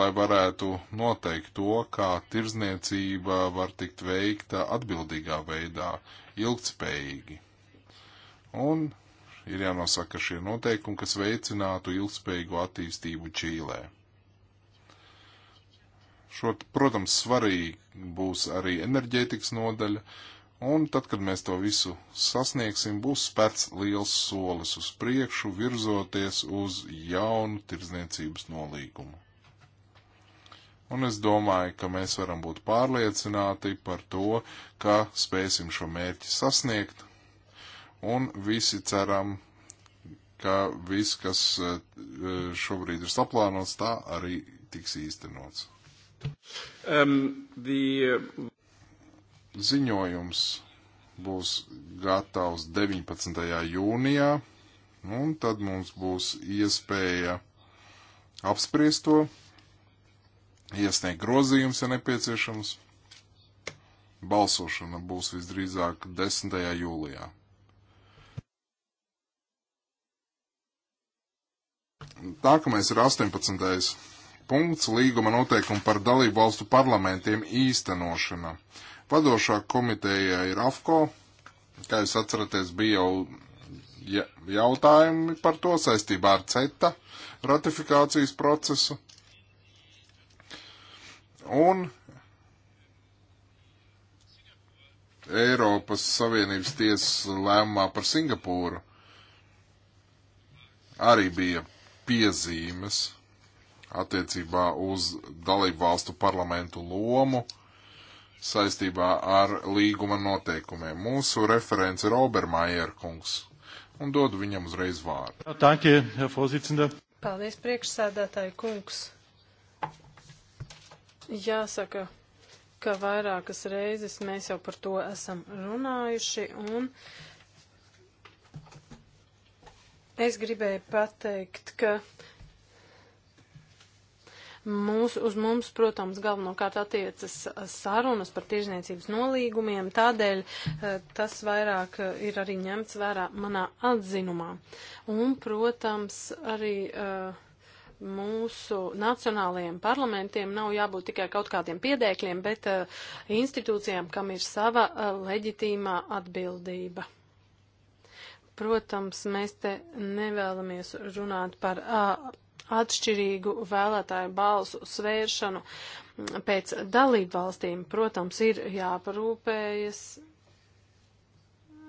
lai varētu noteikt to, kā tirzniecība var tikt veikta atbildīgā veidā, ilgtspējīgi. Un ir jānosaka šie noteikumi, kas veicinātu ilgspējīgu attīstību Čīlē. Šo, protams, svarīgi būs arī enerģētikas nodaļa, un tad, kad mēs to visu sasniegsim, būs spērts liels solis uz priekšu, virzoties uz jaunu tirdzniecības nolīgumu. Un es domāju, ka mēs varam būt pārliecināti par to, ka spēsim šo mērķi sasniegt, un visi ceram, ka viss, kas eh, šobrīd ir saplānots, tā arī tiks īstenots. Um, the... Uh, Ziņojums būs gatavs 19. jūnijā, un tad mums būs iespēja apspriest to, iesniegt grozījums, ja nepieciešams. Balsošana būs visdrīzāk 10. jūlijā. Nākamais ir 18 punkts līguma noteikumu par dalību valstu parlamentiem īstenošana. Vadošā komiteja ir AFCO. Kā jūs atceraties, bija jau jautājumi par to saistībā ar CETA ratifikācijas procesu. Un Eiropas Savienības tiesas lēmumā par Singapūru arī bija piezīmes attiecībā uz dalību valstu parlamentu lomu saistībā ar līguma noteikumiem. Mūsu referents ir Obermaier kungs, un dodu viņam uzreiz vārdu. Tanki, Paldies, priekšsēdētāji kungs. Jāsaka, ka vairākas reizes mēs jau par to esam runājuši, un es gribēju pateikt, ka Mūs, uz mums, protams, galvenokārt attiecas uh, sarunas par tirzniecības nolīgumiem, tādēļ uh, tas vairāk uh, ir arī ņemts vērā manā atzinumā. Un, protams, arī. Uh, mūsu nacionālajiem parlamentiem nav jābūt tikai kaut kādiem piedēkļiem, bet uh, institūcijām, kam ir sava uh, leģitīmā atbildība. Protams, mēs te nevēlamies runāt par uh, atšķirīgu vēlētāju balsu svēršanu pēc dalību valstīm, protams, ir jāparūpējas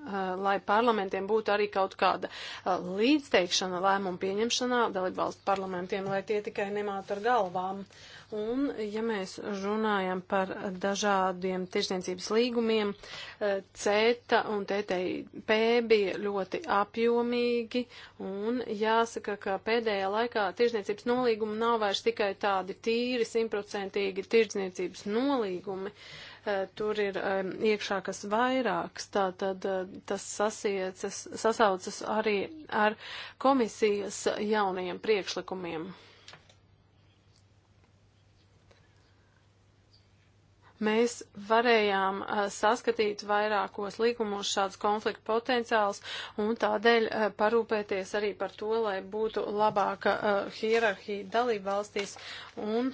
Eh, lai parlamentiem būtu arī kaut kāda eh, līdzteikšana lēmumu pieņemšanā, dalībvalstu parlamentiem, lai tie tikai nemātu ar galvām. Un, ja mēs runājam par dažādiem tirsniecības līgumiem, eh, CETA un TTIP bija ļoti apjomīgi, un jāsaka, ka pēdējā laikā tirsniecības nolīgumi nav vairs tikai tādi tīri, simtprocentīgi tirsniecības nolīgumi. Uh, tur ir iekšā kas vairāks, tā tad tas sasiecas, sasaucas arī ar komisijas jaunajiem priekšlikumiem. mēs varējām a, saskatīt vairākos līgumos šāds konflikta potenciāls un tādēļ a, parūpēties arī par to, lai būtu labāka a, hierarhija dalība valstīs un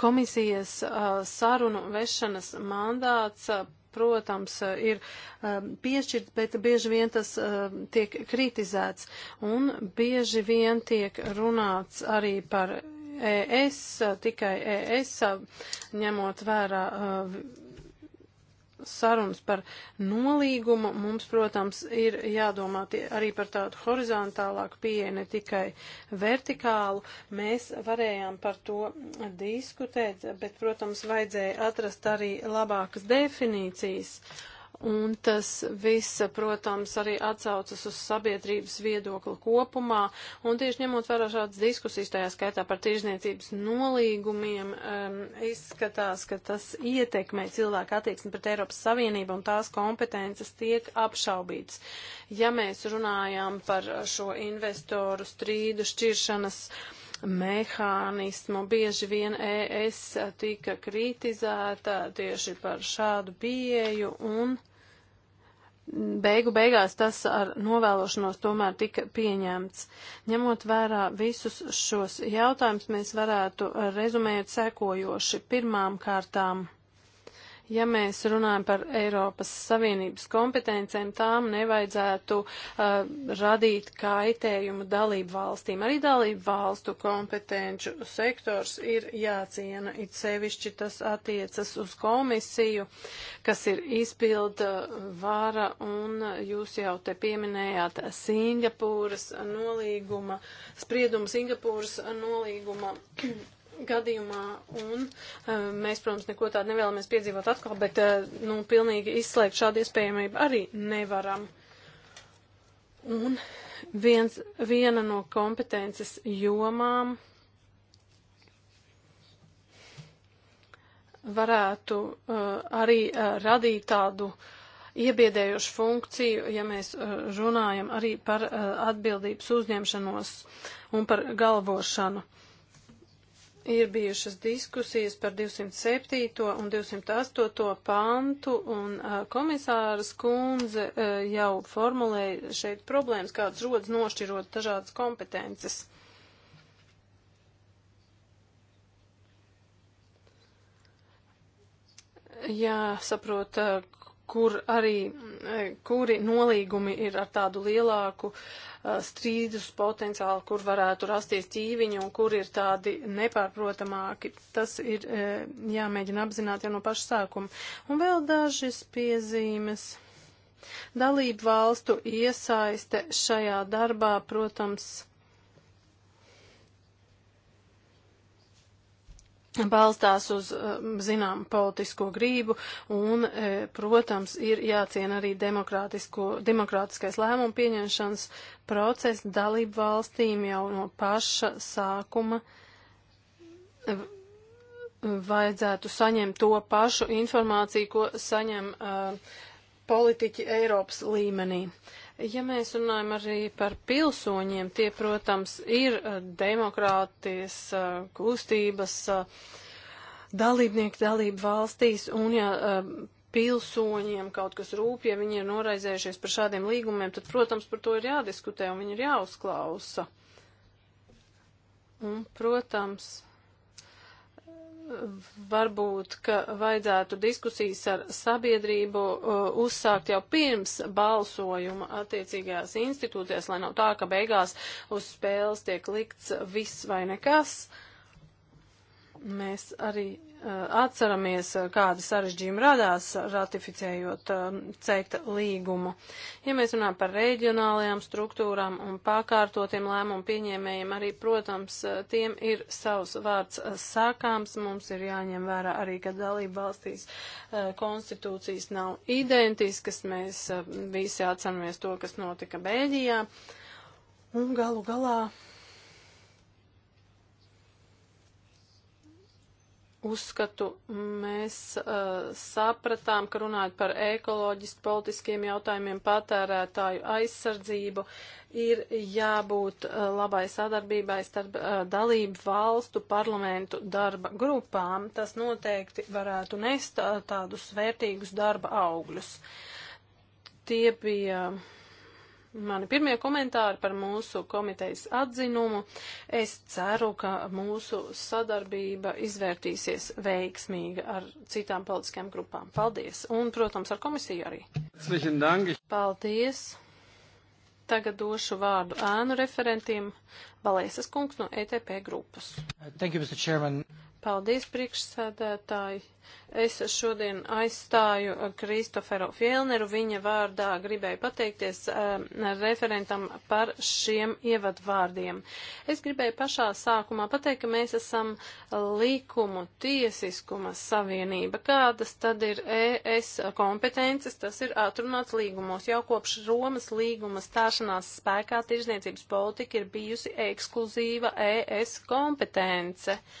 komisijas uh, sarunu vešanas mandāts, uh, protams, uh, ir um, piešķirts, bet bieži vien tas um, tiek kritizēts un bieži vien tiek runāts arī par ES, tikai ES, ņemot vērā sarunas par nolīgumu, mums, protams, ir jādomā arī par tādu horizontālāku pieeju, ne tikai vertikālu. Mēs varējām par to diskutēt, bet, protams, vajadzēja atrast arī labākas definīcijas. Uh, Un tas viss, protams, arī atsaucas uz sabiedrības viedokli kopumā. Un tieši ņemot vērā šādas diskusijas, tajā skaitā par tirzniecības nolīgumiem, um, izskatās, ka tas ietekmē cilvēku attieksmi pret Eiropas Savienību un tās kompetences tiek apšaubīts. Ja mēs runājām par šo investoru strīdu šķiršanas mehānismu. Bieži vien ES tika kritizēta tieši par šādu pieeju un beigu beigās tas ar novēlošanos tomēr tika pieņemts. Ņemot vērā visus šos jautājumus, mēs varētu rezumēt sekojoši pirmām kārtām. Ja mēs runājam par Eiropas Savienības kompetencēm, tām nevajadzētu uh, radīt kaitējumu dalību valstīm. Arī dalību valstu kompetenču sektors ir jāciena, it sevišķi tas attiecas uz komisiju, kas ir izpilda vara, un jūs jau te pieminējāt Singapūras nolīguma, spriedumu Singapūras nolīguma gadījumā, un eh, mēs, protams, neko tādu nevēlamies piedzīvot atkal, bet, eh, nu, pilnīgi izslēgt šādu iespējamību arī nevaram. Un viens, viena no kompetences jomām varētu uh, arī uh, radīt tādu iebiedējošu funkciju, ja mēs uh, runājam arī par uh, atbildības uzņemšanos un par galvošanu. Uh, ir bijušas diskusijas par 207. un 208. pantu, un komisāras kundze jau formulēja šeit problēmas, kādas rodas nošķirot dažādas kompetences. Jāsaprot, kur arī, eh, kuri nolīgumi ir ar tādu lielāku eh, strīdus potenciālu, kur varētu rasties ķīviņi un kur ir tādi nepārprotamāki. Tas ir eh, jāmēģina apzināt jau no paša sākuma. Un vēl dažas piezīmes. Dalību valstu iesaiste šajā darbā, protams, balstās uz, um, zinām, politisko grību un, e, protams, ir jāciena arī demokrātiskais lēmumu pieņemšanas process dalību valstīm jau no paša sākuma vajadzētu saņemt to pašu informāciju, ko saņem uh, politiķi Eiropas līmenī. Uh, Ja mēs runājam arī par pilsoņiem, tie, protams, ir eh, demokrātijas eh, kustības eh, dalībnieki dalību valstīs, un ja pilsoņiem kaut kas rūp, ja viņi ir noraizējušies par šādiem līgumiem, tad, protams, par to ir jādiskutē un viņi ir jāuzklausa. Un, protams, varbūt, ka vajadzētu diskusijas ar sabiedrību uh, uzsākt jau pirms balsojuma attiecīgajās institūcijās, lai nav tā, ka beigās uz spēles tiek likts viss vai nekas. Uh, Mēs arī uh, atceramies, eh, kādi sarežģījumi radās ratificējot uh, eh, ceikta līgumu. Ja mēs runājam par reģionālajām struktūrām un pakārtotiem lēmumu pieņēmējiem, arī, protams, tiem ir savs vārds sakāms. Mums ir jāņem vērā arī, ka dalība valstīs uh, konstitūcijas nav identiskas. Mēs visi atceramies to, kas notika Bēļģijā. Un galu galā uzskatu, mēs uh, sapratām, ka runājot par ekoloģiski politiskiem jautājumiem, patērētāju aizsardzību, ir jābūt uh, labai sadarbībai starp uh, dalību valstu parlamentu darba grupām. Tas noteikti varētu nest uh, tādus vērtīgus darba augļus. Tie bija. Uh, mani pirmie komentāri par mūsu komitejas atzinumu. Es ceru, ka mūsu sadarbība izvērtīsies veiksmīga ar citām politiskajām grupām. Paldies! Un, protams, ar komisiju arī. Paldies! Tagad došu vārdu ēnu referentiem Balēsas kungs no ETP grupas. Thank you, Mr. Chairman. Paldies, priekšsēdētāji. Es šodien aizstāju Kristoferu Fielneru. Viņa vārdā gribēju pateikties um, referentam par šiem ievadvārdiem. Es gribēju pašā sākumā pateikt, ka mēs esam likumu tiesiskuma savienība. Kādas tad ir ES kompetences? Tas ir atrunāts līgumos. Jau kopš Romas līguma stāšanās spēkā tirzniecības politika ir bijusi ekskluzīva ES kompetence. Uh,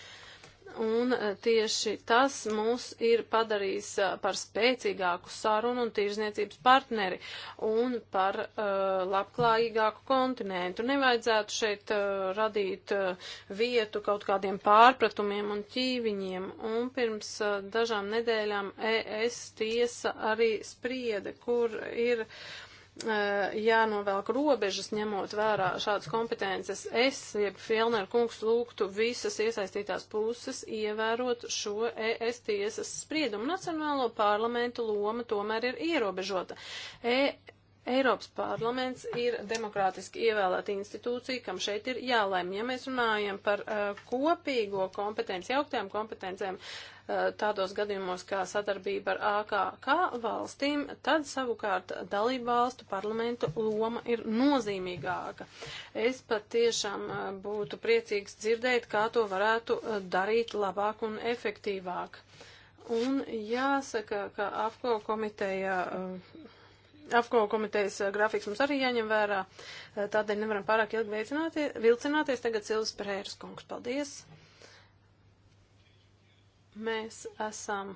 Un e, tieši tas mūs ir padarījis e, par spēcīgāku sarunu un tirzniecības partneri un par uh, labklājīgāku kontinentu. Nevajadzētu šeit uh, radīt uh, vietu kaut kādiem pārpratumiem un ķīviņiem. Un pirms uh, dažām nedēļām ES tiesa arī sprieda, kur ir uh, Eh, jānovelk robežas, ņemot vērā šādas kompetences. Es, jeb Fielner kungs, lūgtu visas iesaistītās puses ievērot šo ES tiesas spriedumu. Nacionālo parlamentu loma tomēr ir ierobežota. E Eiropas parlaments ir demokrātiski ievēlēta institūcija, kam šeit ir jālēm. Ja mēs runājam par uh, kopīgo kompetenci, jauktajām kompetencēm, uh, tādos gadījumos kā sadarbība ar AKK valstīm, tad savukārt dalību valstu parlamentu loma ir nozīmīgāka. Es pat tiešām uh, būtu priecīgs dzirdēt, kā to varētu uh, darīt labāk un efektīvāk. Un jāsaka, ka AFKO komiteja. Uh, Afko komitejas eh, grafiks mums arī jāņem vērā, eh, tādēļ nevaram pārāk ilgi vilcināties. Tagad Silvas Prēras kungs, paldies. Mēs esam.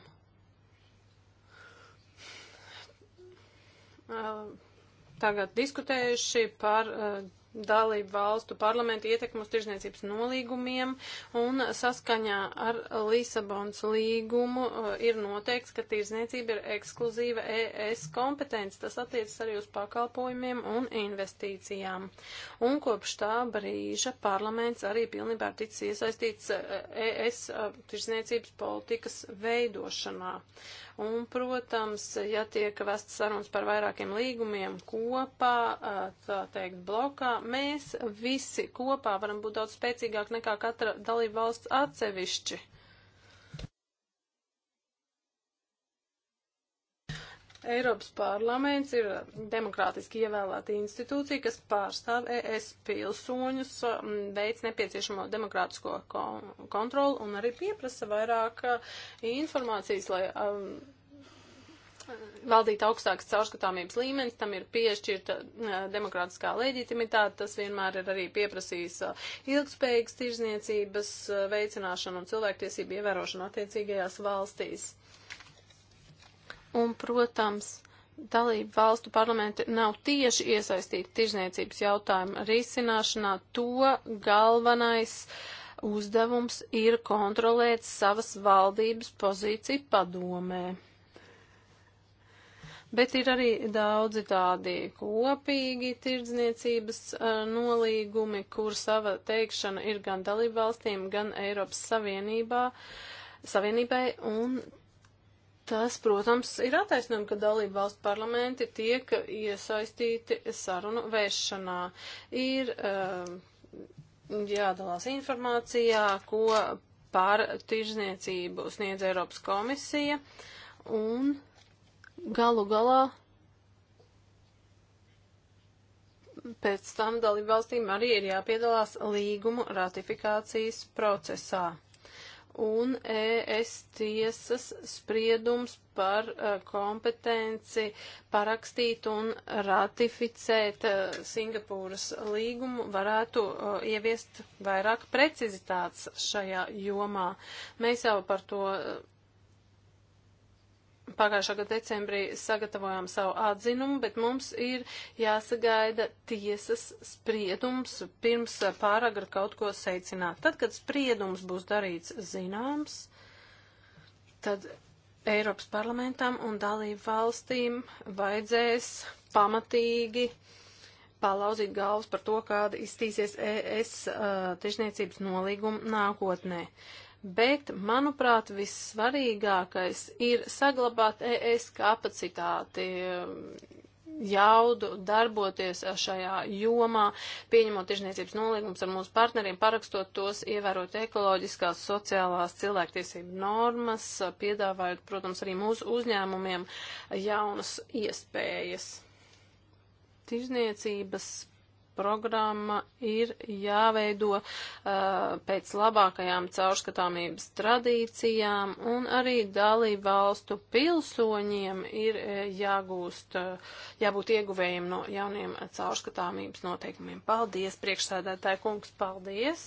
Uh, tagad diskutējuši par uh, dalību valstu parlamentu ietekmu uz tirzniecības nolīgumiem, un saskaņā ar Lisabons līgumu uh, ir noteikts, ka tirzniecība ir ekskluzīva ES kompetence. Tas attiecas arī uz pakalpojumiem un investīcijām. Un kopš tā brīža parlaments arī pilnībā ir ticis iesaistīts uh, ES uh, tirzniecības politikas veidošanā. Uh, Un, protams, ja tiek vests sarunas par vairākiem līgumiem kopā, tā teikt, blokā, mēs visi kopā varam būt daudz spēcīgāk nekā katra dalība valsts atsevišķi. Eiropas parlaments ir demokrātiski ievēlēta institūcija, kas pārstāv ES pilsoņus, um, veids nepieciešamo demokrātisko kontroli un arī pieprasa vairāk uh, informācijas, lai um, valdīt augstāks caurskatāmības līmenis, tam ir piešķirta uh, demokrātiskā leģitimitāte, tas vienmēr ir arī pieprasījis uh, ilgspējīgas tirzniecības veicināšanu un cilvēktiesību ievērošanu attiecīgajās valstīs. Un, protams, dalību valstu parlamenti nav tieši iesaistīti tirzniecības jautājumu risināšanā, to galvenais uzdevums ir kontrolēt savas valdības pozīciju padomē. Bet ir arī daudzi tādi kopīgi tirdzniecības uh, nolīgumi, kur sava teikšana ir gan dalību valstīm, gan Eiropas Savienībā. Savienībai, un Tas, protams, ir attaisnojumi, ka dalību valstu parlamenti tiek iesaistīti sarunu vēršanā. Ir uh, jādalās informācijā, ko par tirzniecību sniedz Eiropas komisija, un galu galā pēc tam dalību valstīm arī ir jāpiedalās līgumu ratifikācijas procesā un ES tiesas spriedums par eh, kompetenci parakstīt un ratificēt eh, Singapūras līgumu varētu eh, ieviest vairāk precizitātes šajā jomā. Mēs jau par to Pagājušā gada decembrī sagatavojām savu atzinumu, bet mums ir jāsagaida tiesas spriedums pirms pāragra kaut ko seicināt. Tad, kad spriedums būs darīts zināms, tad Eiropas parlamentam un dalību valstīm vajadzēs pamatīgi palauzīt galvas par to, kāda izstīsies ES uh, tiešniecības nolīguma nākotnē. Uh, bet, manuprāt, vissvarīgākais ir saglabāt ES kapacitāti jaudu darboties šajā jomā, pieņemot tirzniecības nolīgumus ar mūsu partneriem, parakstot tos, ievērot ekoloģiskās, sociālās cilvēktiesību normas, piedāvājot, protams, arī mūsu uzņēmumiem jaunas iespējas. Tirzniecības programma ir jāveido uh, pēc labākajām caurskatāmības tradīcijām, un arī dalību valstu pilsoņiem ir uh, jāgūst, uh, jābūt ieguvējiem no jauniem caurskatāmības noteikumiem. Paldies, priekšsēdētāji kungs, paldies!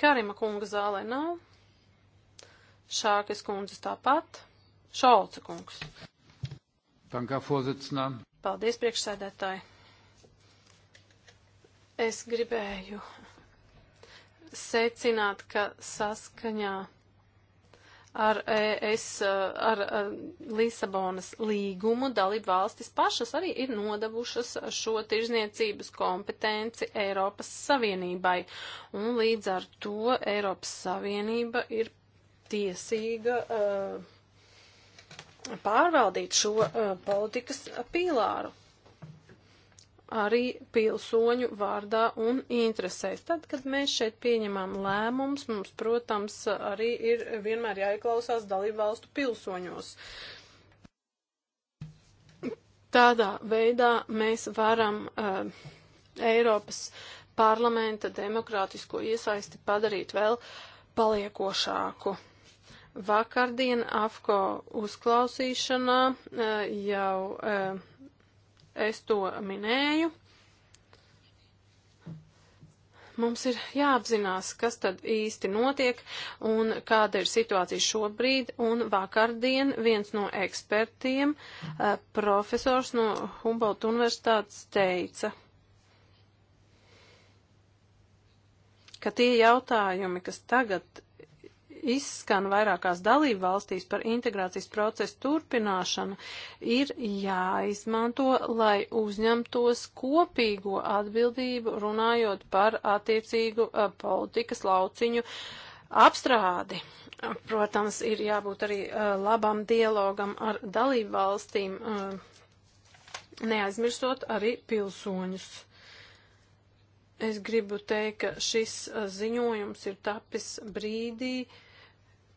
Karima kunga zālē nav, Šākas kundzes tāpat, Šolca kungs. Paldies, priekšsēdētāji! Es gribēju secināt, ka saskaņā ar ES, ar, ar Lisabonas līgumu dalību valstis pašas arī ir nodavušas šo tirzniecības kompetenci Eiropas Savienībai. Un līdz ar to Eiropas Savienība ir tiesīga uh, pārvaldīt šo uh, politikas pīlāru arī pilsoņu vārdā un interesēs. Tad, kad mēs šeit pieņemam lēmums, mums, protams, arī ir vienmēr jāieklausās dalību valstu pilsoņos. Tādā veidā mēs varam uh, Eiropas parlamenta demokrātisko iesaisti padarīt vēl paliekošāku. Vakardien AFCO uzklausīšanā uh, jau uh, es to minēju. Mums ir jāapzinās, kas tad īsti notiek un kāda ir situācija šobrīd. Un vakardien viens no ekspertiem, eh, profesors no Humboldt universitātes, teica, ka tie jautājumi, kas tagad izskan vairākās dalību valstīs par integrācijas procesu turpināšanu, ir jāizmanto, lai uzņemtos kopīgo atbildību runājot par attiecīgu uh, politikas lauciņu apstrādi. Protams, ir jābūt arī uh, labam dialogam ar dalību valstīm, uh, neaizmirstot arī pilsoņus. Es gribu teikt, ka šis ziņojums ir tapis brīdī, uh,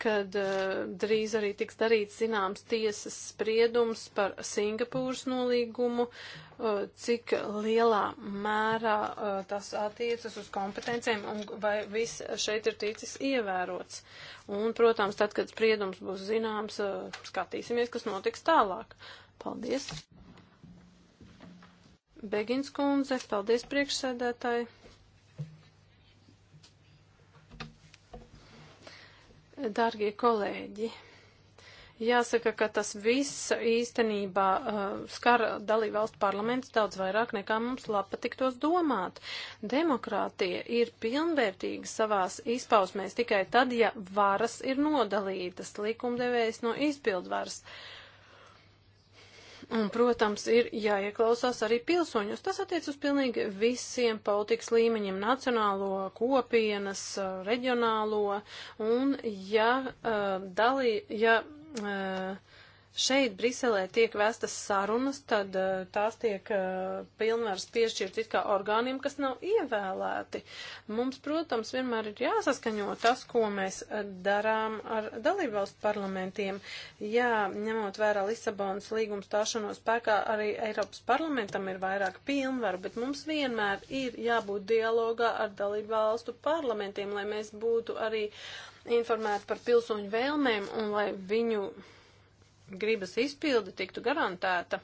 kad uh, drīz arī tiks darīts zināms tiesas spriedums par Singapūras nolīgumu, uh, cik lielā mērā uh, tas attiecas uz kompetencijām un vai viss šeit ir ticis ievērots. Un, protams, tad, kad spriedums būs zināms, uh, skatīsimies, kas notiks tālāk. Paldies! Begins kundze, paldies priekšsēdētāji! Dārgie kolēģi, jāsaka, ka tas viss īstenībā uh, skar dalībvalstu parlaments daudz vairāk nekā mums lapa tiktos domāt. Demokrātija ir pilnvērtīga savās izpausmēs tikai tad, ja varas ir nodalītas likumdevējs no izpildvaras. Uh, Un, protams, ir jāieklausās arī pilsoņus. Tas attiec uz pilnīgi visiem politikas līmeņiem - nacionālo, kopienas, reģionālo. Un, ja, uh, dalī, ja uh, šeit Briselē tiek vestas sarunas, tad uh, tās tiek uh, pilnvaras piešķirt it kā orgāniem, kas nav ievēlēti. Mums, protams, vienmēr ir jāsaskaņo tas, ko mēs eh, darām ar dalībvalstu parlamentiem. Jā, ņemot vērā Lisabonas līgums stāšanos spēkā, arī Eiropas parlamentam ir vairāk pilnvaru, bet mums vienmēr ir jābūt dialogā ar dalībvalstu parlamentiem, lai mēs būtu arī informēti par pilsoņu vēlmēm un lai viņu gribas izpildi tiktu garantēta.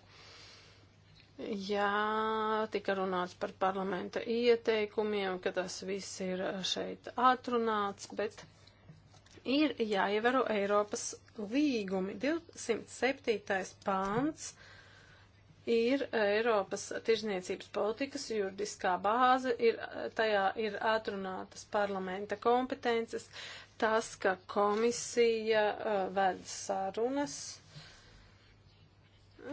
Jā, tika runāts par parlamenta ieteikumiem, ka tas viss ir šeit atrunāts, bet ir jāievēro Eiropas līgumi. 207. pāns ir Eiropas tirzniecības politikas juridiskā bāze, ir, tajā ir atrunātas parlamenta kompetences, tas, ka komisija uh, ved sarunas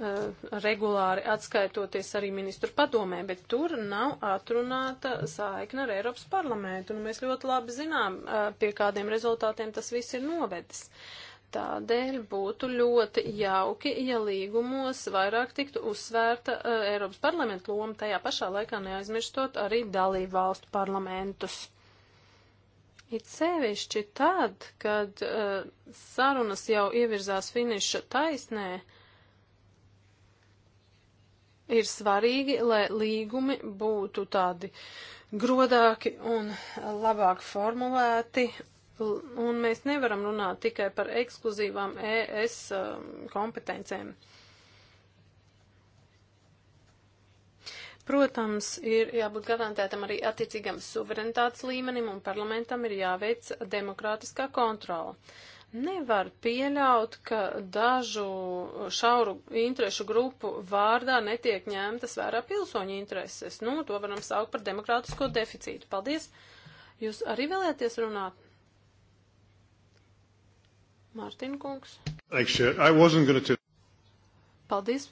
Eh, regulāri atskaitoties arī ministru padomē, bet tur nav atrunāta saikna ar Eiropas parlamentu. Nu, mēs ļoti labi zinām, eh, pie kādiem rezultātiem tas viss ir novedis. Tādēļ būtu ļoti jauki, ja līgumos vairāk tiktu uzsvērta eh, Eiropas parlamenta loma, tajā pašā laikā neaizmirstot arī dalību valstu parlamentus. It sevišķi tad, kad uh, sarunas jau ievirzās finiša taisnē, uh, ir svarīgi, lai līgumi būtu tādi grodāki un labāk formulēti. Un mēs nevaram runāt tikai par ekskluzīvām ES um, kompetencēm. Protams, ir jābūt garantētam arī attiecīgam suverenitātes līmenim, un parlamentam ir jāveic demokrātiskā kontrola. Uh, Nevar pieļaut, ka dažu šauru interešu grupu vārdā netiek ņemtas vērā pilsoņu intereses. Nu, to varam saukt par demokrātisko deficītu. Paldies! Jūs arī vēlēties runāt? Mārtiņkungs. Paldies!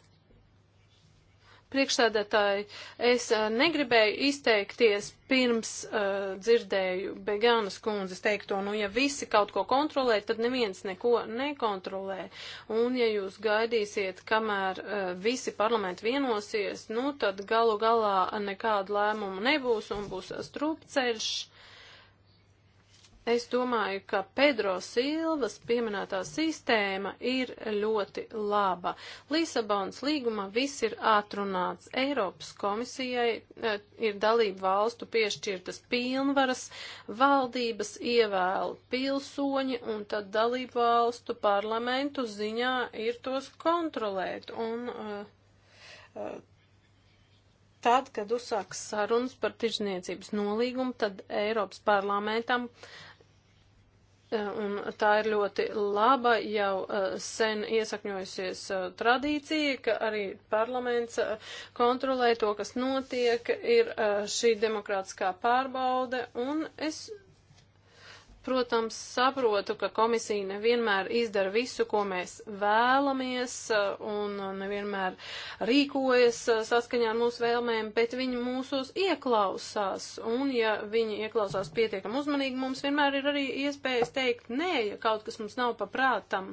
Priekšsēdētāji, es eh, negribēju izteikties pirms uh, dzirdēju Begānas kundzes teikto, nu ja visi kaut ko kontrolē, tad neviens neko nekontrolē. Un ja jūs gaidīsiet, kamēr uh, visi parlamenti vienosies, nu tad galu galā nekāda lēmuma nebūs un būs strupceļš. Uh, Es domāju, ka Pedro Silvas pieminētā sistēma ir ļoti laba. Lisabonas līgumā viss ir atrunāts. Eiropas komisijai e, ir dalību valstu piešķirtas pilnvaras, valdības ievēl pilsoņi un tad dalību valstu parlamentu ziņā ir tos kontrolēt. Un, e, e, Tad, kad uzsāks sarunas par tirzniecības nolīgumu, tad Eiropas parlamentam uh, un tā ir ļoti laba, jau uh, sen iesakņojusies uh, tradīcija, ka arī parlaments uh, kontrolē to, kas notiek, ir šī demokrātiskā pārbaude, un es Protams, saprotu, ka komisija nevienmēr izdara visu, ko mēs vēlamies, uh, un nevienmēr rīkojas uh, saskaņā ar mūsu vēlmēm, bet viņi mūsos ieklausās, un ja viņi ieklausās pietiekam uzmanīgi, mums vienmēr ir arī iespējas teikt nē, ja kaut kas mums nav paprātam.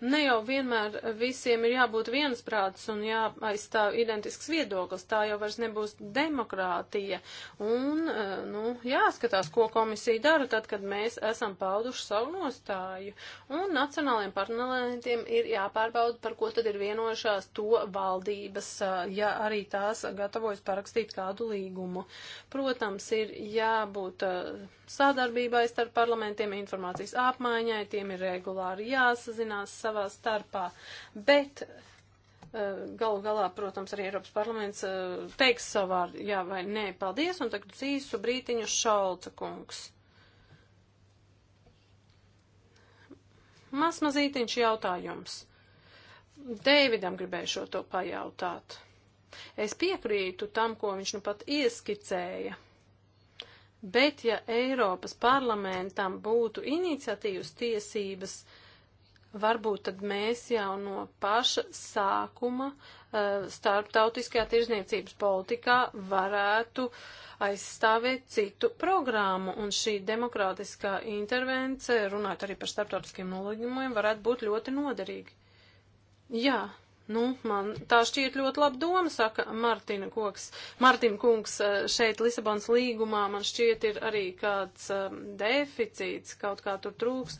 Ne jau vienmēr visiem ir jābūt viensprāts un jāaizstāv identisks viedoklis, tā jau vairs nebūs demokrātija. Un, eh, nu, jāskatās, ko komisija dara tad, kad mēs esam pauduši savu nostāju. Un nacionāliem parlamentiem ir jāpārbauda, par ko tad ir vienojušās to valdības, eh, ja arī tās gatavojas parakstīt kādu līgumu. Protams, ir jābūt eh, sadarbībai starp parlamentiem, informācijas apmaiņai, tiem ir regulāri jāsazinās sarunās savā starpā. Bet eh, galu galā, protams, arī Eiropas parlaments eh, teiks savu vārdu, jā vai nē, paldies, un tagad īsu brītiņu šalca kungs. Maz mazītiņš jautājums. Deividam gribēju šo to pajautāt. Es piekrītu tam, ko viņš nu pat ieskicēja. Bet ja Eiropas parlamentam būtu iniciatīvas tiesības, uh, Varbūt tad mēs jau no paša sākuma eh, starptautiskajā tirzniecības politikā varētu aizstāvēt citu programmu, un šī demokrātiskā intervence, runājot arī par starptautiskiem nolīgumiem, varētu būt ļoti noderīga. Jā, Nu, man tā šķiet ļoti laba doma, saka Martina Koks. Martina Kungs eh, šeit Lisabons līgumā man šķiet ir arī kāds um, deficīts, kaut kā tur trūks.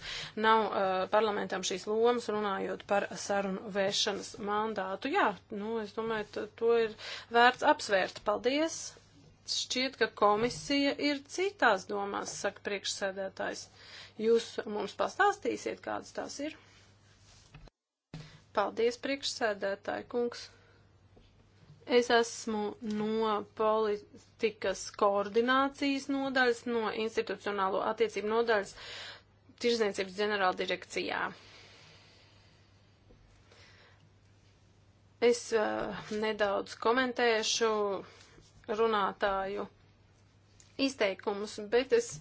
Nav uh, parlamentam šīs lomas runājot par sarunu vēšanas mandātu. Jā, nu, es domāju, to ir vērts apsvērt. Paldies! Šķiet, ka komisija ir citās domās, saka priekšsēdētājs. Jūs mums pastāstīsiet, kādas tās ir? Paldies, priekšsēdētāji kungs. Es esmu no politikas koordinācijas nodaļas, no institucionālo attiecību nodaļas tirzniecības ģenerāla direkcijā. Es uh, nedaudz komentēšu runātāju izteikumus, bet es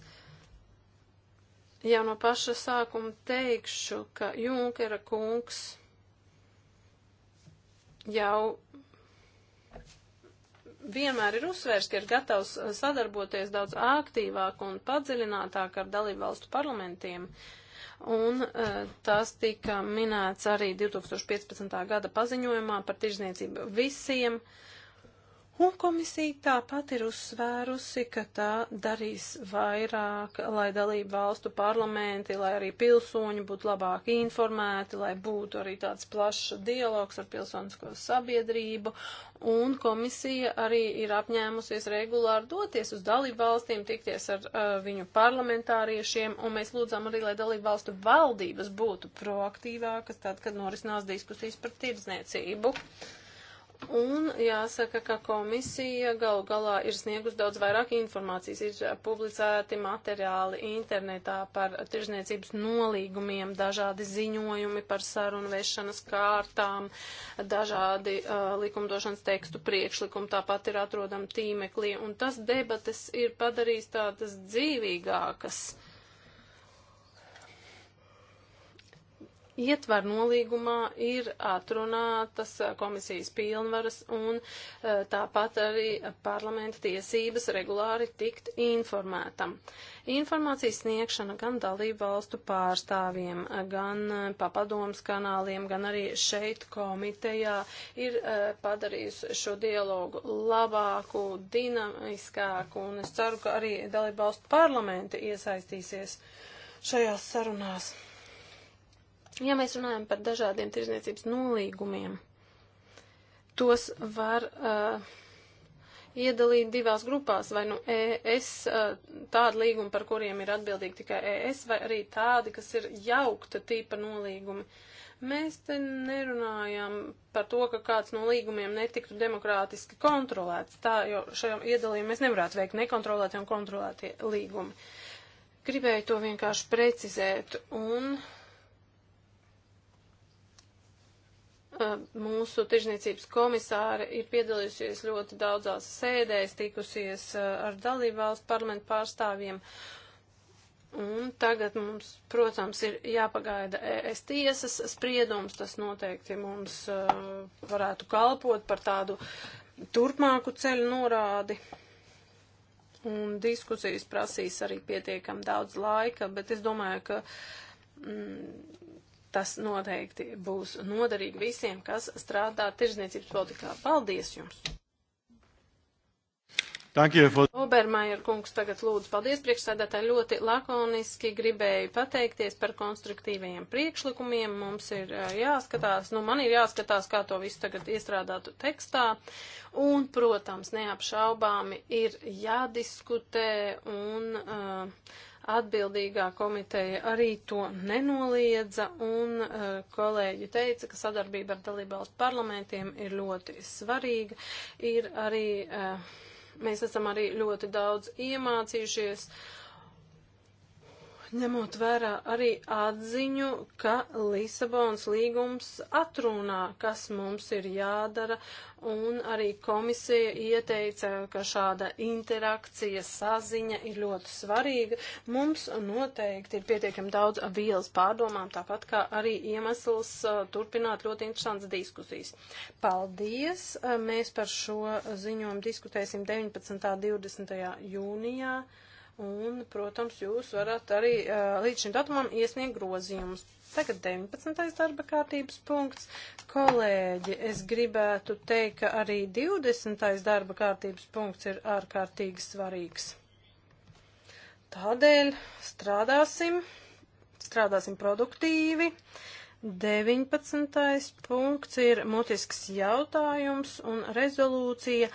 jau no paša sākuma teikšu, ka Junkera kungs jau vienmēr ir uzsvērts, ka ir gatavs sadarboties daudz aktīvāk un padziļinātāk ar dalību valstu parlamentiem. Un eh, tas tika minēts arī 2015. gada paziņojumā par tirzniecību visiem uh, Un komisija tāpat ir uzsvērusi, ka tā darīs vairāk, lai dalību valstu parlamenti, lai arī pilsoņi būtu labāk informēti, lai būtu arī tāds plašs dialogs ar pilsonisko sabiedrību. Un komisija arī ir apņēmusies regulāri doties uz dalību valstīm, tikties ar uh, viņu parlamentāriešiem, un mēs lūdzam arī, lai dalību valstu valdības būtu proaktīvākas tad, kad norisinās diskusijas par tirdzniecību. Thank you. Un jāsaka, ka komisija galu galā ir sniegus daudz vairāk informācijas, ir publicēti materiāli internetā par tirzniecības nolīgumiem, dažādi ziņojumi par sarunu vešanas kārtām, dažādi uh, likumdošanas tekstu priekšlikumi tāpat ir atrodami tīmeklī, un tas debates ir padarījis tādas dzīvīgākas. Ietvar nolīgumā ir atrunātas eh, komisijas pilnvaras un eh, tāpat arī parlamenta tiesības regulāri tikt informētam. Informācijas sniegšana gan dalību valstu pārstāvjiem, eh, gan papadoms kanāliem, gan arī šeit komitejā ir padarījusi šo dialogu labāku, dinamiskāku un es ceru, ka arī dalību valstu parlamenti iesaistīsies šajās sarunās. Ja mēs runājam par dažādiem tirzniecības nolīgumiem, tos var uh, iedalīt divās grupās, vai nu ES uh, tādi līgumi, par kuriem ir atbildīgi tikai ES, vai arī tādi, kas ir jaukta tīpa nolīgumi. Mēs te nerunājam par to, ka kāds no līgumiem netiktu demokrātiski kontrolēts, tā, jo šajā iedalījumā mēs nevarētu veikt nekontrolētie un kontrolētie līgumi. Gribēju to vienkārši precizēt, un Mūsu tirzniecības komisāra ir piedalījusies ļoti daudzās sēdēs, tikusies eh, ar dalībvalstu parlamentu pārstāvjiem. Un tagad mums, protams, ir jāpagaida ES tiesas spriedums, tas noteikti mums eh, varētu kalpot par tādu turpmāku ceļu norādi. Un diskusijas prasīs arī pietiekam daudz laika, bet es domāju, ka mm, Tas noteikti būs noderīgi visiem, kas strādā tirzniecības politikā. Paldies jums! For... Obermajer kungs tagad lūdzu paldies priekšsēdētāji ļoti lakoniski gribēju pateikties par konstruktīvajiem priekšlikumiem. Mums ir jāskatās, nu man ir jāskatās, kā to visu tagad iestrādātu tekstā. Un, protams, neapšaubāmi ir jādiskutē un. Uh, Atbildīgā komiteja arī to nenoliedza, un uh, kolēģi teica, ka sadarbība ar dalībvalstu parlamentiem ir ļoti svarīga. Ir arī, uh, mēs esam arī ļoti daudz iemācījušies. Uh, ņemot vērā arī atziņu, ka Lisabonas līgums atrunā, kas mums ir jādara, un arī komisija ieteica, ka šāda interakcija, saziņa ir ļoti svarīga. Mums noteikti ir pietiekami daudz vielas pārdomām, tāpat kā arī iemesls uh, turpināt ļoti interesantas diskusijas. Paldies! Uh, mēs par šo ziņojumu diskutēsim 19. un 20. jūnijā. Un, protams, jūs varat arī uh, līdz šim datumam iesniegt grozījumus. Tagad 19. darba kārtības punkts. Kolēģi, es gribētu teikt, ka arī 20. darba kārtības punkts ir ārkārtīgi svarīgs. Tādēļ strādāsim, strādāsim produktīvi. Uh, 19. punkts ir mutisks jautājums un rezolūcija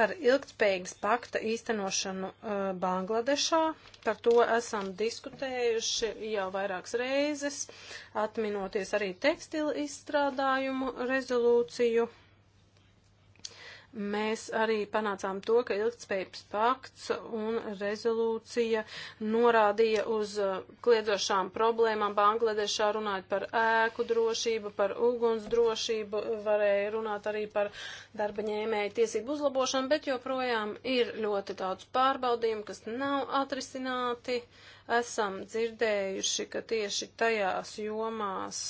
par ilgtspējīgas pakta īstenošanu uh, Bangladešā. Par to esam diskutējuši jau vairākas reizes, atminoties arī tekstilu izstrādājumu rezolūciju mēs arī panācām to, ka ilgtspējības pakts un rezolūcija norādīja uz uh, kliedzošām problēmām. Bangladešā runājot par ēku drošību, par uguns drošību, varēja runāt arī par darba ņēmēju tiesību uzlabošanu, bet joprojām ir ļoti daudz pārbaudījumu, kas nav atrisināti. Esam dzirdējuši, ka tieši tajās jomās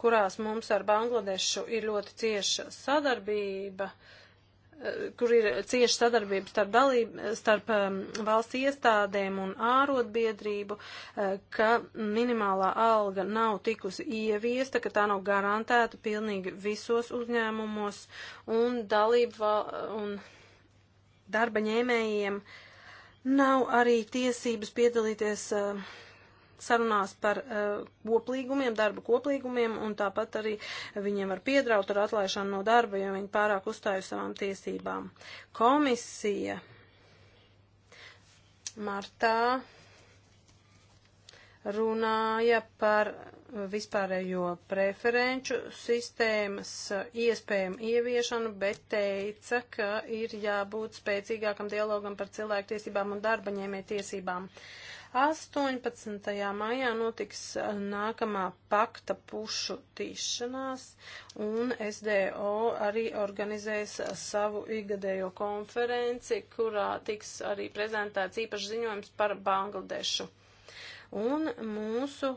kurās mums ar Bangladešu ir ļoti cieša sadarbība, eh, kur ir cieša sadarbība starp, dalību, starp eh, valsts iestādēm un ārotbiedrību, eh, ka minimālā alga nav tikusi ieviesta, ka tā nav garantēta pilnīgi visos uzņēmumos un dalību un darba ņēmējiem nav arī tiesības piedalīties uh, sarunās par uh, eh, koplīgumiem, darba koplīgumiem, un tāpat arī viņiem var piedraut ar atlaišanu no darba, ja viņi pārāk uzstāj uz savām tiesībām. Komisija martā runāja par vispārējo preferenču sistēmas eh, iespējumu ieviešanu, bet teica, ka ir jābūt spēcīgākam dialogam par cilvēktiesībām un darbaņēmē tiesībām. 18. maijā notiks eh, nākamā pakta pušu tīšanās, un SDO arī organizēs eh, savu igadējo konferenci, kurā tiks arī prezentēts īpašs ziņojums par Bangladešu. Un mūsu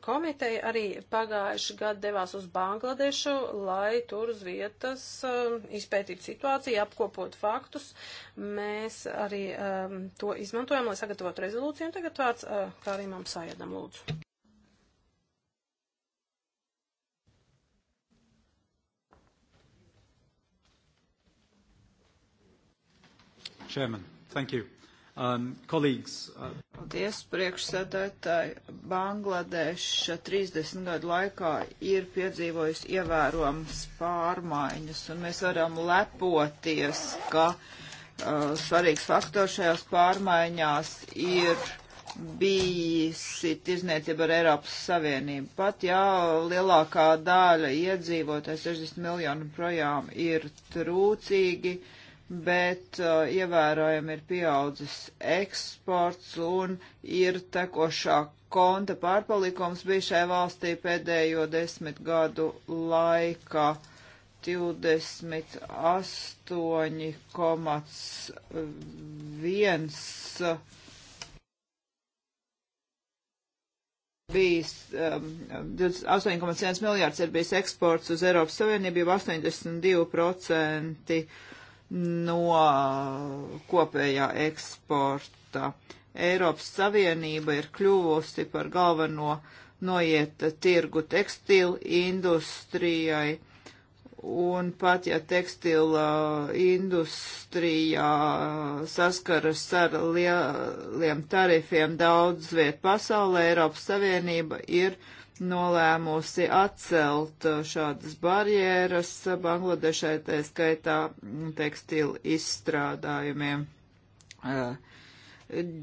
komiteja arī pagājuši gadu devās uz Bangladešu, lai tur uz vietas uh, um, izpētītu situāciju, apkopot faktus. Mēs arī um, to izmantojam, lai sagatavotu rezolūciju. Un tagad vārds uh, Kārimam Sājadam lūdzu. Chairman, thank you. Um, colleagues. Uh... Paldies, priekšsēdētāji. Bangladeša 30 gadu laikā ir piedzīvojusi ievērojams pārmaiņas, un mēs varam lepoties, ka uh, svarīgs faktors šajās pārmaiņās ir bijusi tirzniecība ar Eiropas Savienību. Pat jā, lielākā daļa iedzīvotāji, 60 miljonu projām, ir trūcīgi. Uh, bet uh, ievērojami ir pieaudzis eksports un ir tekošā konta pārpalikums bijušai valstī pēdējo desmit gadu laikā 28,1 bijis um, 8,1 miljārds ir bijis eksports uz Eiropas Savienību, jau 82% no kopējā eksporta. Eiropas Savienība ir kļuvusi par galveno noieta tirgu tekstilu industrijai, un pat ja tekstila industrijā saskaras ar lieliem tarifiem daudz viet pasaulē, Eiropas Savienība ir uh, nolēmusi atcelt uh, šādas barjeras Bangladešai, tā skaitā mm, tekstilu izstrādājumiem. Uh,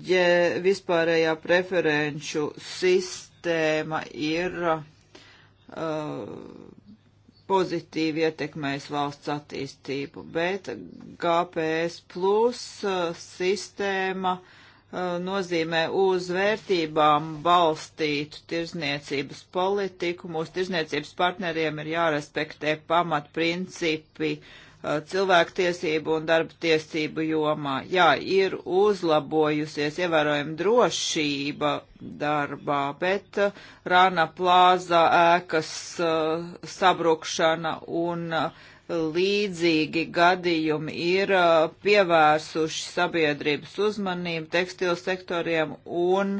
ja vispārējā preferenču sistēma ir uh, pozitīvi ietekmējis valsts attīstību, bet GPS plus uh, sistēma uh, Uh, nozīmē uz vērtībām balstītu tirzniecības politiku. Mūsu tirzniecības partneriem ir jārespektē pamatprincipi uh, cilvēktiesību un darba tiesību jomā. Jā, ir uzlabojusies ievērojama drošība darbā, bet uh, Rana plāza ēkas sabrukšana un uh, līdzīgi gadījumi ir uh, pievērsuši sabiedrības uzmanību tekstilu sektoriem un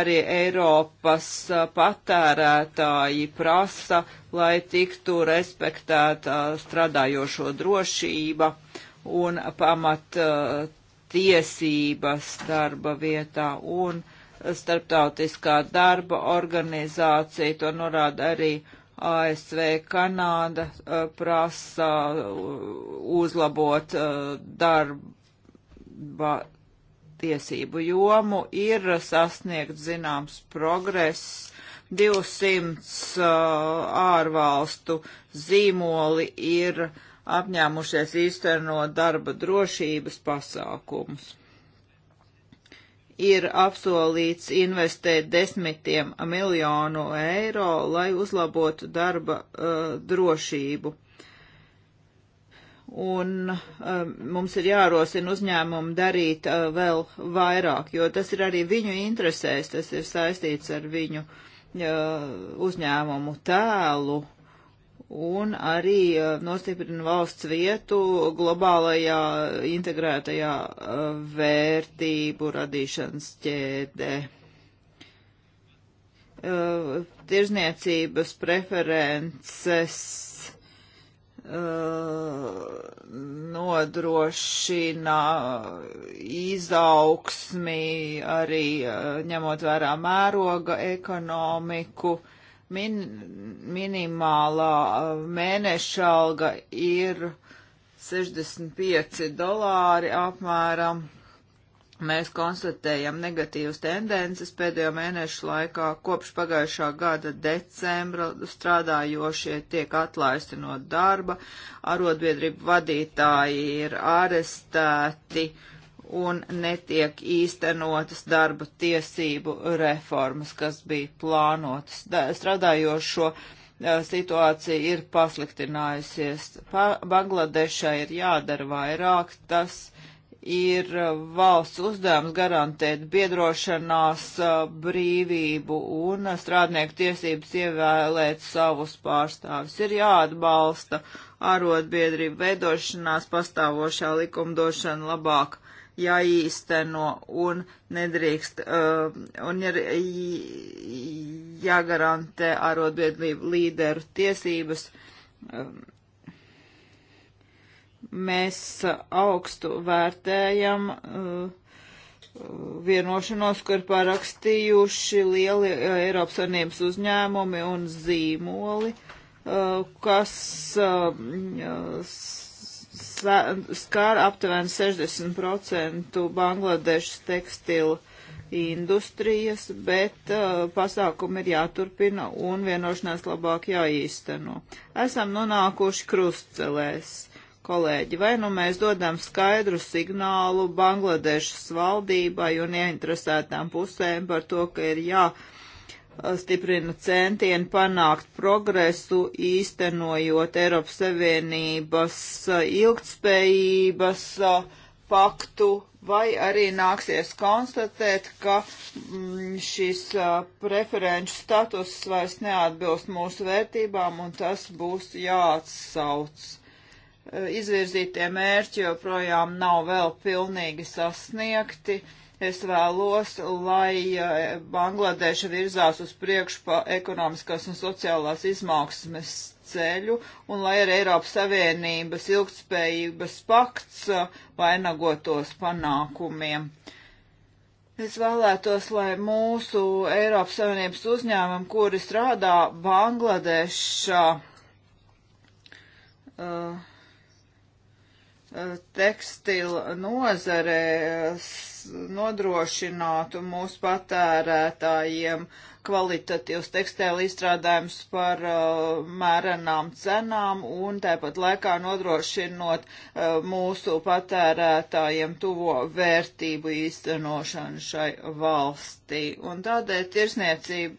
arī Eiropas uh, patērētāji prasa, lai tiktu respektēta uh, strādājošo drošība un pamat tiesības darba vietā un starptautiskā darba organizācija, to norāda arī uh, ASV, Kanāda prasa uzlabot darba tiesību jomu, ir sasniegt zināms progress. 200 ārvalstu zīmoli ir apņēmušies īstenot darba drošības pasākumus ir apsolīts investēt desmitiem miljonu eiro, lai uzlabotu darba uh, drošību. Un um, uh, mums ir jārosina uzņēmumu darīt uh, vēl vairāk, jo tas ir arī viņu interesēs, tas ir saistīts ar viņu uh, uzņēmumu tēlu. Uh, un arī eh, nostiprina valsts vietu globālajā integrētajā eh, vērtību radīšanas ķēdē. Eh, tirzniecības preferences nodrošina izaugsmi arī ņemot vērā mēroga ekonomiku. Uh, min, minimālā uh, mēneša alga ir 65 dolāri apmēram. Mēs konstatējam negatīvas tendences pēdējo mēnešu laikā. Kopš pagājušā gada decembra strādājošie tiek atlaisti no darba, arotbiedrību vadītāji ir arestēti, uh, un netiek īstenotas darba tiesību reformas, kas bija plānotas. Strādājošo uh, situācija ir pasliktinājusies. Pa Bangladešai ir jādara vairāk, tas ir uh, valsts uzdevums garantēt biedrošanās uh, brīvību un strādnieku tiesības ievēlēt savus pārstāvis. Ir jāatbalsta arotbiedrību veidošanās pastāvošā likumdošana labāk jāīsteno un nedrīkst uh, un ir jāgarantē arotbiedrību līderu tiesības. Um, mēs augstu vērtējam uh, vienošanos, kur parakstījuši lieli uh, Eiropas Savienības uzņēmumi un zīmoli, uh, kas uh, skāra aptuveni 60% Bangladešas tekstilu industrijas, bet uh, pasākumi ir jāturpina un vienošanās labāk jāīsteno. Esam nonākuši krustcelēs, kolēģi, vai nu mēs dodam skaidru signālu Bangladešas valdībai un ieinteresētām pusēm par to, ka ir jā Uh, stiprina centienu panākt progresu, īstenojot Eiropas Savienības uh, ilgtspējības uh, paktu, vai arī nāksies konstatēt, ka mm, šis preferenču status vairs neatbilst mūsu vērtībām un tas būs jāatsauc. Izvirzītie mērķi joprojām nav vēl pilnīgi sasniegti Es vēlos, lai eh, Bangladeša virzās uz priekšu pa ekonomiskās un sociālās izmauksmes ceļu, un lai arī Eiropas Savienības ilgtspējības pakts eh, vainagotos panākumiem. Es vēlētos, lai mūsu Eiropas Savienības uzņēmumi, kuri strādā Bangladešā, uh, eh, tekstila nozare, uh, nodrošinātu mūsu patērētājiem kvalitatīvs tekstēlu izstrādājums par uh, mērenām cenām un tāpat laikā nodrošinot uh, mūsu patērētājiem tuvo vērtību īstenošanu šai valstī. Un tādēļ tirsniecība,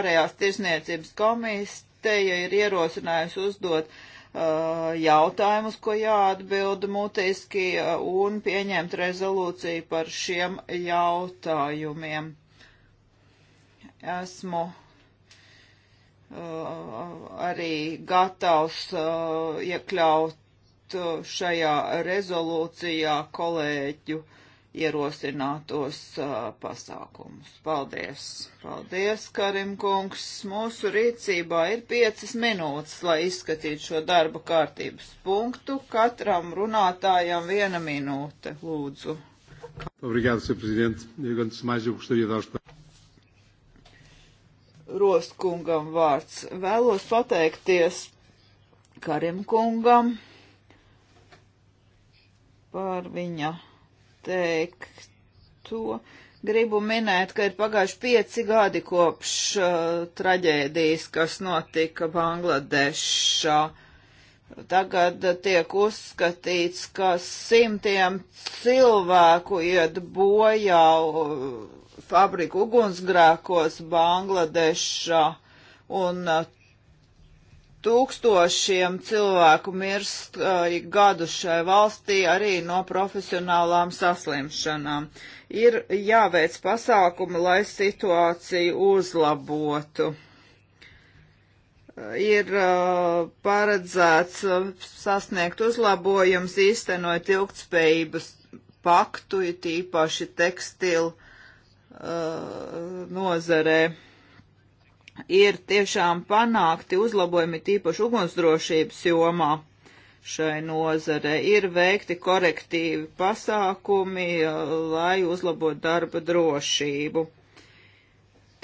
ārējās tirsniecības komisteja ir ierosinājusi uzdot uh, Uh, jautājumus, ko jāatbild mutiski uh, un pieņemt rezolūciju par šiem jautājumiem. Esmu uh, arī gatavs iekļaut šajā rezolūcijā kolēģu uh, ierosinātos uh, pasākumus. Paldies! Paldies, Karim kungs! Mūsu rīcībā ir piecas minūtes, lai izskatītu šo darba kārtības punktu. Katram runātājam viena minūte, lūdzu. Obrigado, Sr. Presidente. Eu, antes de mais, eu gostaria de dar os Roskungam vārds. Vēlos pateikties Karim kungam par viņa teikto. Gribu minēt, ka ir pagājuši pieci gadi kopš uh, traģēdijas, kas notika Bangladešā. Tagad tiek uzskatīts, ka simtiem cilvēku iet bojā uh, fabriku ugunsgrēkos Bangladešā, un uh, Tūkstošiem cilvēku mirst uh, ik gadu šai valstī arī no profesionālām saslimšanām. Ir jāveic pasākumi, lai situāciju uzlabotu. Uh, ir uh, paredzēts uh, sasniegt uzlabojums, īstenot ilgtspējības paktu, it īpaši tekstilu uh, nozarē ir tiešām panākti uzlabojumi tīpaši ugunsdrošības jomā šai nozare. Ir veikti korektīvi pasākumi, lai uzlabotu darba drošību.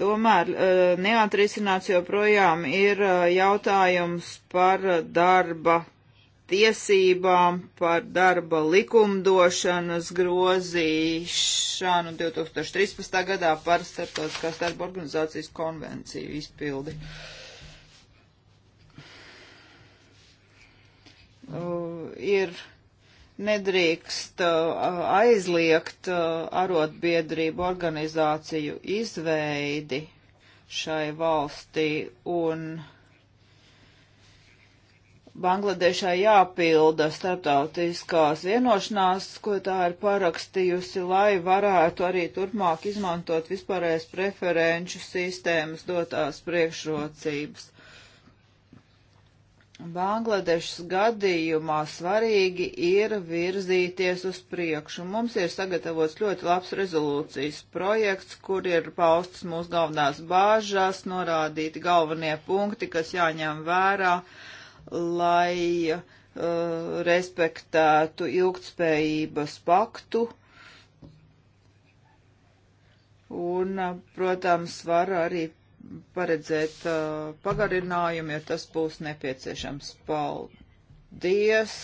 Tomēr e, neatrisināts joprojām ir e, jautājums par darba tiesībām, par darba likumdošanas grozīšanu 2013. gadā par starptautiskās darba organizācijas konvenciju izpildi. Uh, ir nedrīkst uh, aizliegt uh, arotbiedrību organizāciju izveidi šai valstī un uh, Bangladešai jāpilda starptautiskās vienošanās, ko tā ir parakstījusi, lai varētu arī turpmāk izmantot vispārējais preferenču sistēmas dotās priekšrocības. Bangladešas gadījumā svarīgi ir virzīties uz priekšu. Mums ir sagatavots ļoti labs rezolūcijas projekts, kur ir paustas mūsu galvenās bāžas, norādīti galvenie punkti, kas jāņem vērā. Uh, lai uh, respektētu ilgtspējības paktu. Un, uh, protams, var arī paredzēt uh, pagarinājumu, ja tas būs nepieciešams. Paldies!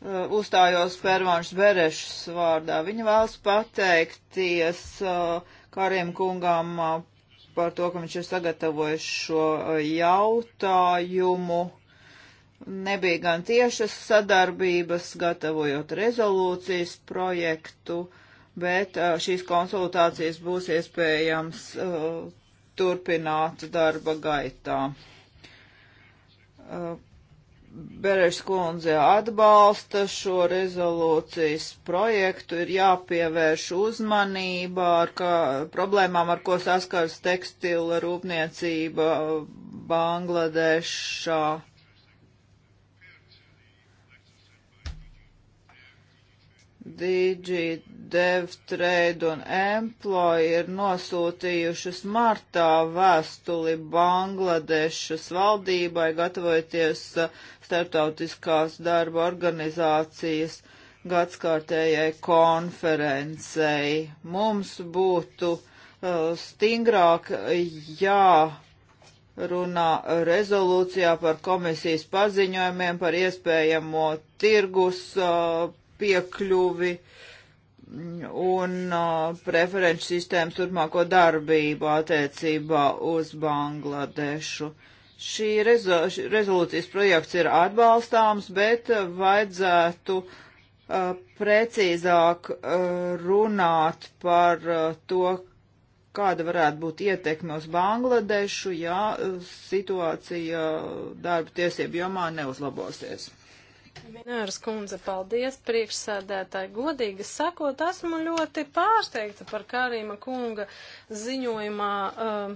Uh, uzstājos Pērvāns Berešs vārdā. Viņa vēlas pateikties uh, Karim kungam uh, par to, ka viņš ir sagatavojis šo eh, jautājumu. Nebija gan tiešas sadarbības, gatavojot rezolūcijas projektu, bet eh, šīs konsultācijas būs iespējams uh, turpināt darba gaitā. Uh, Bereša kundze atbalsta šo rezolūcijas projektu, ir jāpievērš uzmanība ar kā, problēmām, ar ko saskars tekstila rūpniecība Bangladešā. DG DevTrade un Employ ir nosūtījušas martā vēstuli Bangladešas valdībai, gatavojoties uh, starptautiskās darba organizācijas gadskārtējai konferencei. Mums būtu uh, stingrāk jā runā rezolūcijā par komisijas paziņojumiem par iespējamo tirgus uh, piekļuvi un uh, preferenču sistēmas turpmāko darbību attiecībā uz Bangladešu. Šī rezo rezolūcijas projekts ir atbalstāms, bet vajadzētu uh, precīzāk uh, runāt par uh, to, kāda varētu būt ietekme uz Bangladešu, ja uh, situācija uh, darba tiesību jomā neuzlabosies. Minēras kundze, paldies priekšsēdētāji. Godīgi sakot, esmu ļoti pārsteigta par Kārīma kunga ziņojumā uh,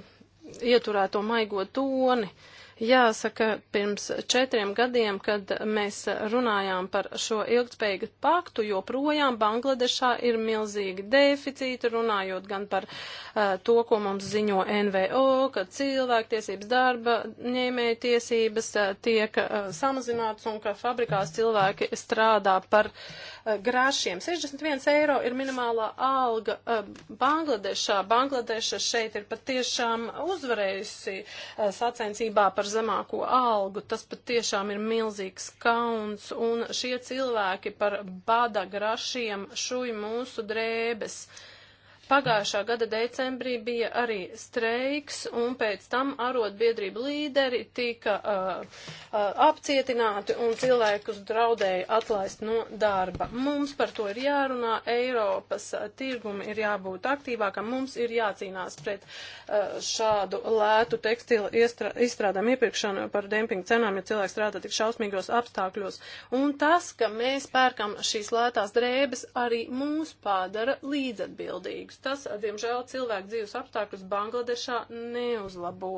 ieturēto maigo toni. Uh, Jāsaka, pirms četriem gadiem, kad mēs runājām par šo ilgtspējīgu paktu, joprojām Bangladešā ir milzīgi deficīti, runājot gan par uh, to, ko mums ziņo NVO, ka cilvēktiesības darba ņēmēja tiesības uh, tiek uh, samazinātas un ka fabrikās cilvēki strādā par uh, grašiem. 61 eiro ir minimālā alga eh, Bangladešā. Bangladeša šeit ir patiešām uzvarējusi eh, sacensībā par zemāko algu. Tas patiešām ir milzīgs kauns, un šie cilvēki par bada grašiem šuj mūsu drēbes. Uh, Pagājušā gada decembrī bija arī streiks, un pēc tam arotbiedrību līderi tika uh, uh, apcietināti un cilvēkus draudēja atlaist no darba. Mums par to ir jārunā, Eiropas uh, tirgumi ir jābūt aktīvākam, mums ir jācīnās pret uh, šādu lētu tekstilu izstrādājumu iepirkšanu par dempingu cenām, ja cilvēks strādā tik šausmīgos apstākļos. Un tas, ka mēs pērkam šīs lētās drēbes, arī mūs padara līdzatbildīgus kungs, tas, diemžēl, cilvēku dzīves apstākļus Bangladešā neuzlabo.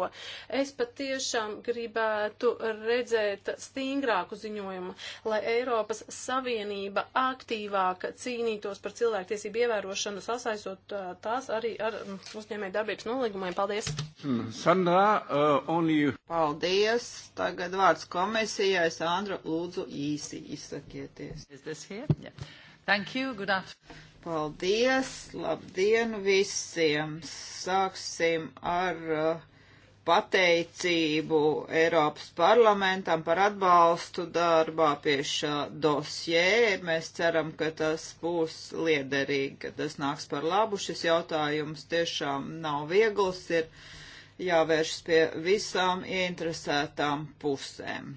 Es patiešām gribētu redzēt stingrāku ziņojumu, lai Eiropas Savienība aktīvāk cīnītos par cilvēktiesību ievērošanu, sasaistot uh, tās arī ar mm, uzņēmē darbības nolīgumiem. Paldies! Hmm, Sandra, uh, only you. Paldies! Tagad vārds komisijai. Sandra, lūdzu īsi izsakieties. Is this here? Yeah. Thank you. Good afternoon. Paldies, labdien visiem! Sāksim ar uh, pateicību Eiropas parlamentam par atbalstu darbā pie šā dosjē. Mēs ceram, ka tas būs liederīgi, ka tas nāks par labu. Šis jautājums tiešām nav viegls, ir jāvēršas pie visām ieinteresētām pusēm.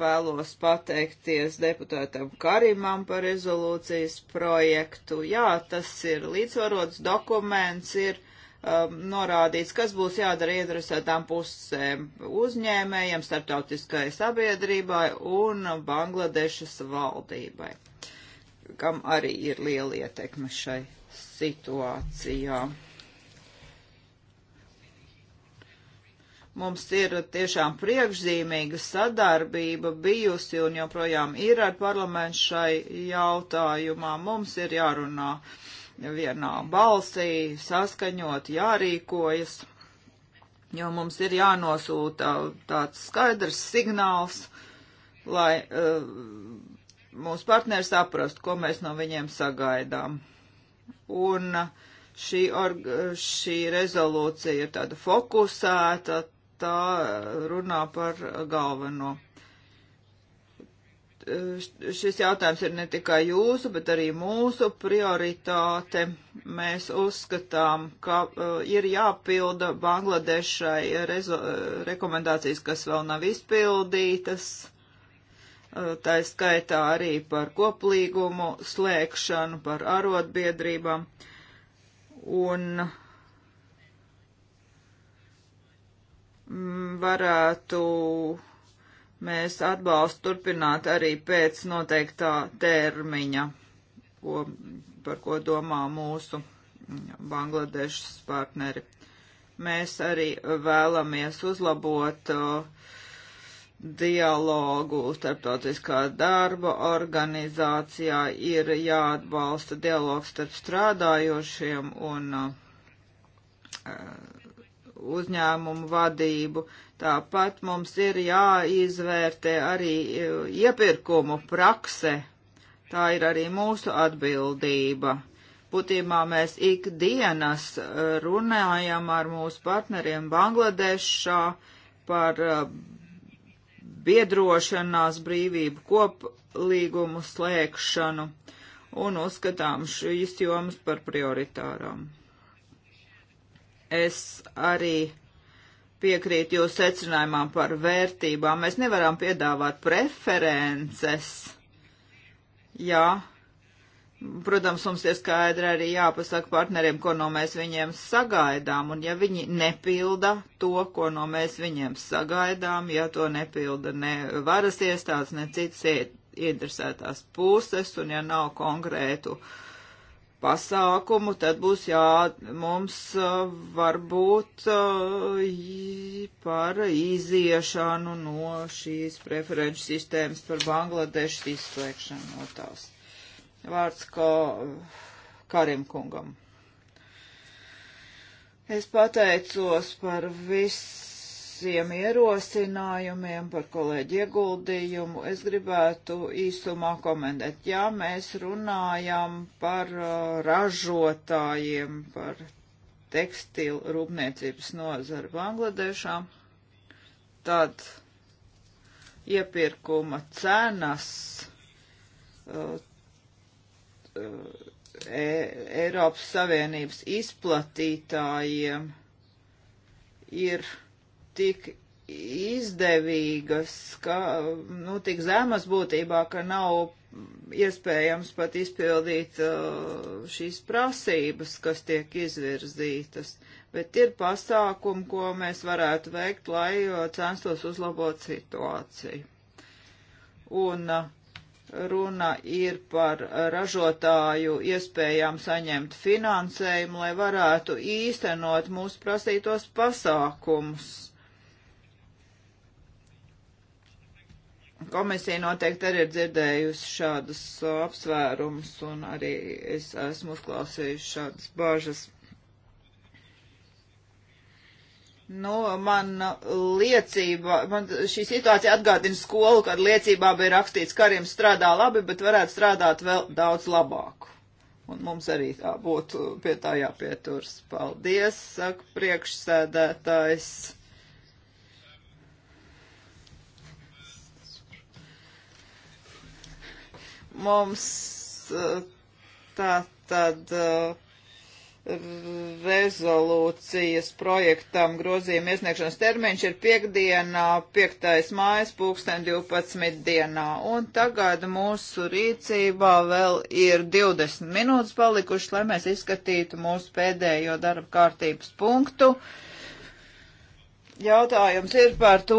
Vēlos pateikties deputātam Karimam par rezolūcijas projektu. Jā, tas ir līdzvarots dokuments, ir um, norādīts, kas būs jādara iedresētām pusēm - uzņēmējiem, starptautiskai sabiedrībai un Bangladešas valdībai, kam arī ir liela ietekme šai situācijā. Mums ir tiešām priekšzīmīga sadarbība bijusi un joprojām ir ar parlamentu šai jautājumā. Mums ir jārunā vienā balsī, saskaņot, jārīkojas, jo mums ir jānosūta tāds skaidrs signāls, lai uh, mūsu partneri saprastu, ko mēs no viņiem sagaidām. Un eh, šī, orga, šī rezolūcija ir tāda fokusēta, tā runā par galveno. Šis jautājums ir ne tikai jūsu, bet arī mūsu prioritāte. Mēs uzskatām, ka uh, ir jāpilda Bangladešai rezo, rekomendācijas, kas vēl nav izpildītas uh, tā skaitā arī par koplīgumu slēgšanu, par arotbiedrībām. Un Mm, varētu mēs atbalstu turpināt arī pēc noteiktā termiņa, ko, par ko domā mūsu Bangladešas partneri. Mēs arī vēlamies uzlabot uh, dialogu starptautiskā darba organizācijā ir jāatbalsta dialogs starp strādājošiem un uh, uzņēmumu vadību. Tāpat mums ir jāizvērtē arī eh, iepirkumu prakse. Tā ir arī mūsu atbildība. Būtībā mēs ikdienas eh, runājam ar mūsu partneriem Bangladešā par eh, biedrošanās brīvību koplīgumu slēgšanu un uzskatām šīs jomas par prioritārām. Es arī piekrītu jūsu secinājumam par vērtībām. Mēs nevaram piedāvāt preferences. Jā, protams, mums ir skaidri arī jāpasaka partneriem, ko no mēs viņiem sagaidām, un ja viņi nepilda to, ko no mēs viņiem sagaidām, ja to nepilda ne varas iestādes, ne citas interesētās puses, un ja nav konkrētu uh, pasākumu, tad būs jā, mums varbūt par iziešanu no šīs preferenču sistēmas par Bangladešas izslēgšanu no tās. Vārds kā Karim kungam. Es pateicos par visu visiem ierosinājumiem, par kolēģi ieguldījumu. Es gribētu īsumā komentēt. Jā, mēs runājam par uh, ražotājiem, par tekstilu rūpniecības nozaru Bangladešā. Tad iepirkuma cenas uh, uh, e Eiropas Savienības izplatītājiem ir tik izdevīgas, ka, nu, tik zemas būtībā, ka nav iespējams pat izpildīt uh, šīs prasības, kas tiek izvirzītas, bet ir pasākumi, ko mēs varētu veikt, lai uh, censtos uzlabot situāciju. Un uh, runa ir par ražotāju iespējām saņemt finansējumu, lai varētu īstenot mūsu prasītos pasākumus Komisija noteikti arī ir dzirdējusi šādas apsvērumus, un arī es esmu uzklausījusi šādas bāžas. Nu, man liecība, man šī situācija atgādina skolu, kad liecībā bija rakstīts, Karim strādā labi, bet varētu strādāt vēl daudz labāk. Un mums arī tā būtu pie tā jāpieturas. Paldies, saka priekšsēdētājs. Mums eh, tā tad eh, rezolūcijas projektam grozījuma iesniegšanas termiņš ir piekdienā, 5. mājas, pulksten 12. dienā. Un tagad mūsu rīcībā vēl ir 20 minūtes palikušas, lai mēs izskatītu mūsu pēdējo darba kārtības punktu. Uh, Jautājums ir par to,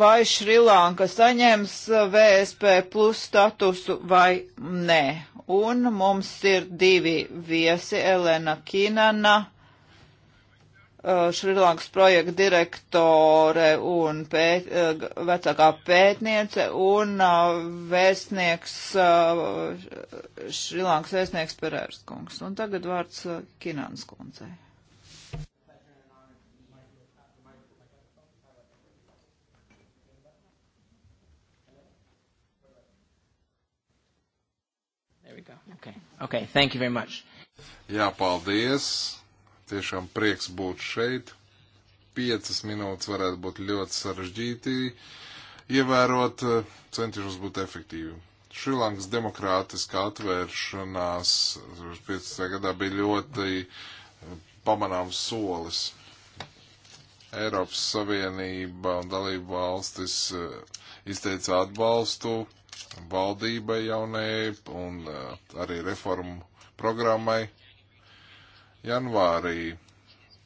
vai Šrilanka saņems VSP plus statusu vai nē. Un mums ir divi viesi, Elena Kinana, eh, Šrilankas projekta direktore un pēt, eh, vecākā pētniece un eh, vēstnieks, Šrilankas vēstnieks Perērskungs. Un tagad vārds Kinans kundzei. Okay. Okay. Thank you very much. Jā, paldies. Tiešām prieks būt šeit. Piecas minūtes varētu būt ļoti sarežģīti. Ievērot, centīšos būt efektīvi. Šrilankas demokrātiskā atvēršanās 15. gadā bija ļoti eh, pamanāms solis. Eiropas Savienība un dalību valstis eh, izteica atbalstu valdībai jaunajai un uh, arī reformu programmai. Janvārī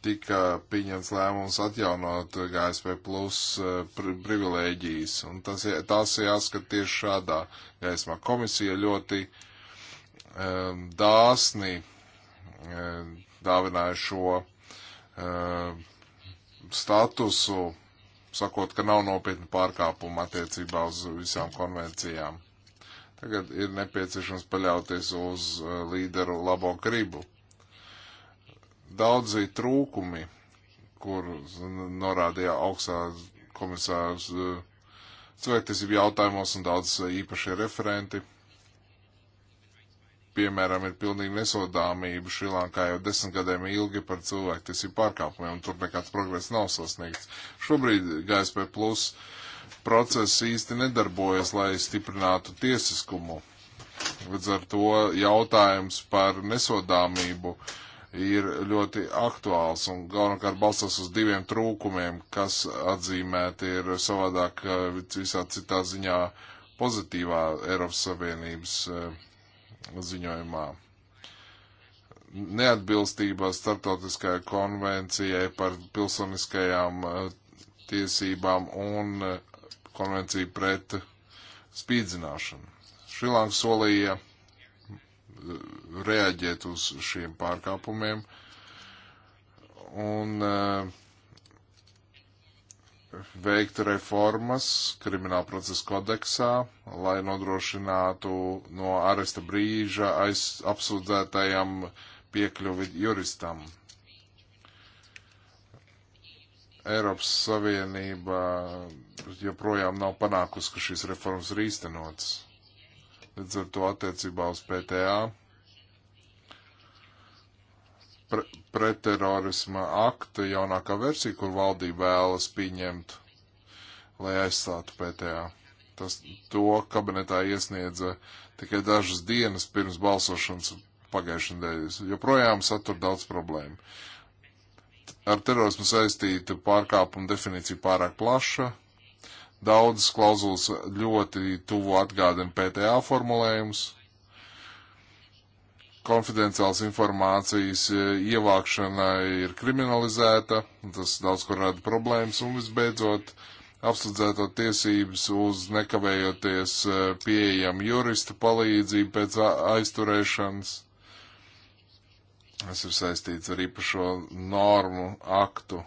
tika pieņemts lēmums atjaunot GSP plus uh, privilēģijas, un tas, tas jāskat tieši šādā gaismā. Komisija ļoti um, dāsni um, dāvināja šo um, statusu sakot, ka nav nopietni pārkāpumi attiecībā uz visām konvencijām. Tagad ir nepieciešams paļauties uz uh, līderu labo gribu. Daudzi trūkumi, kur norādīja augstā komisārs uh, cilvēktiesību jautājumos un daudz uh, īpašie referenti piemēram, ir pilnīgi nesodāmība Šrilankā jau desmit gadiem ilgi par cilvēktiesību pārkāpumiem, un tur nekāds progress nav sasniegts. Šobrīd GSP plus process īsti nedarbojas, lai stiprinātu tiesiskumu. Līdz ar to jautājums par nesodāmību ir ļoti aktuāls un galvenokārt balstās uz diviem trūkumiem, kas atzīmēti ir savādāk eh, visā citā ziņā pozitīvā Eiropas Savienības eh, ziņojumā. Neatbilstībā starptautiskajai konvencijai par pilsoniskajām eh, tiesībām un eh, konvenciju pret spīdzināšanu. Šrilanka solīja eh, reaģēt uz šiem pārkāpumiem. Un uh, veikt reformas krimināla procesa kodeksā, lai nodrošinātu no aresta brīža aiz apsūdzētajam piekļuvi juristam. Eiropas Savienība joprojām nav panākusi, ka šīs reformas ir īstenotas. Līdz ar to attiecībā uz PTA pre pretterorisma akta jaunākā versija, kur valdība vēlas pieņemt, lai aizstātu PTA. Tas to kabinetā iesniedza tikai dažas dienas pirms balsošanas pagājušajā nedēļā. Joprojām satur daudz problēmu. Ar terorismu saistīta pārkāpuma definīcija pārāk plaša. Daudzas klauzulas ļoti tuvu atgādina PTA formulējumus, konfidenciāls informācijas e, ievākšana ir kriminalizēta, tas daudz kur rada problēmas, un visbeidzot apsūdzēto tiesības uz nekavējoties e, pieejamu jurista palīdzību pēc aizturēšanas. Tas ir saistīts ar īpašo normu aktu,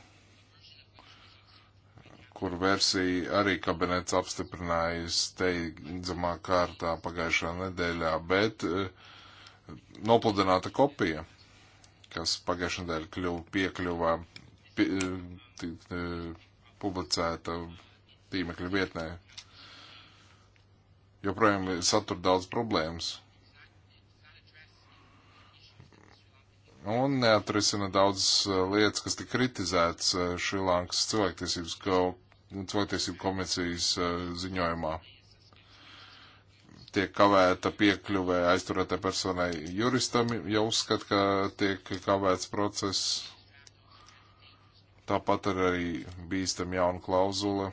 kur versija arī kabinets apstiprinājis steidzamā kārtā pagājušā nedēļā, bet uh, nopludināta kopija, kas pagājušajā nedēļā kļuva piekļuvā, pie, eh, t, t, eh, publicēta tīmekļa vietnē. Joprojām satur daudz problēmas. Un neatrisina daudz eh, lietas, kas tika kritizētas Šrilankas cilvēktiesības, ko, cilvēktiesību komisijas ziņojumā tiek kavēta piekļuvē aizturētai personai juristam, jau uzskat, ka tiek kavēts process. Tāpat ir arī bīstam jauna klauzula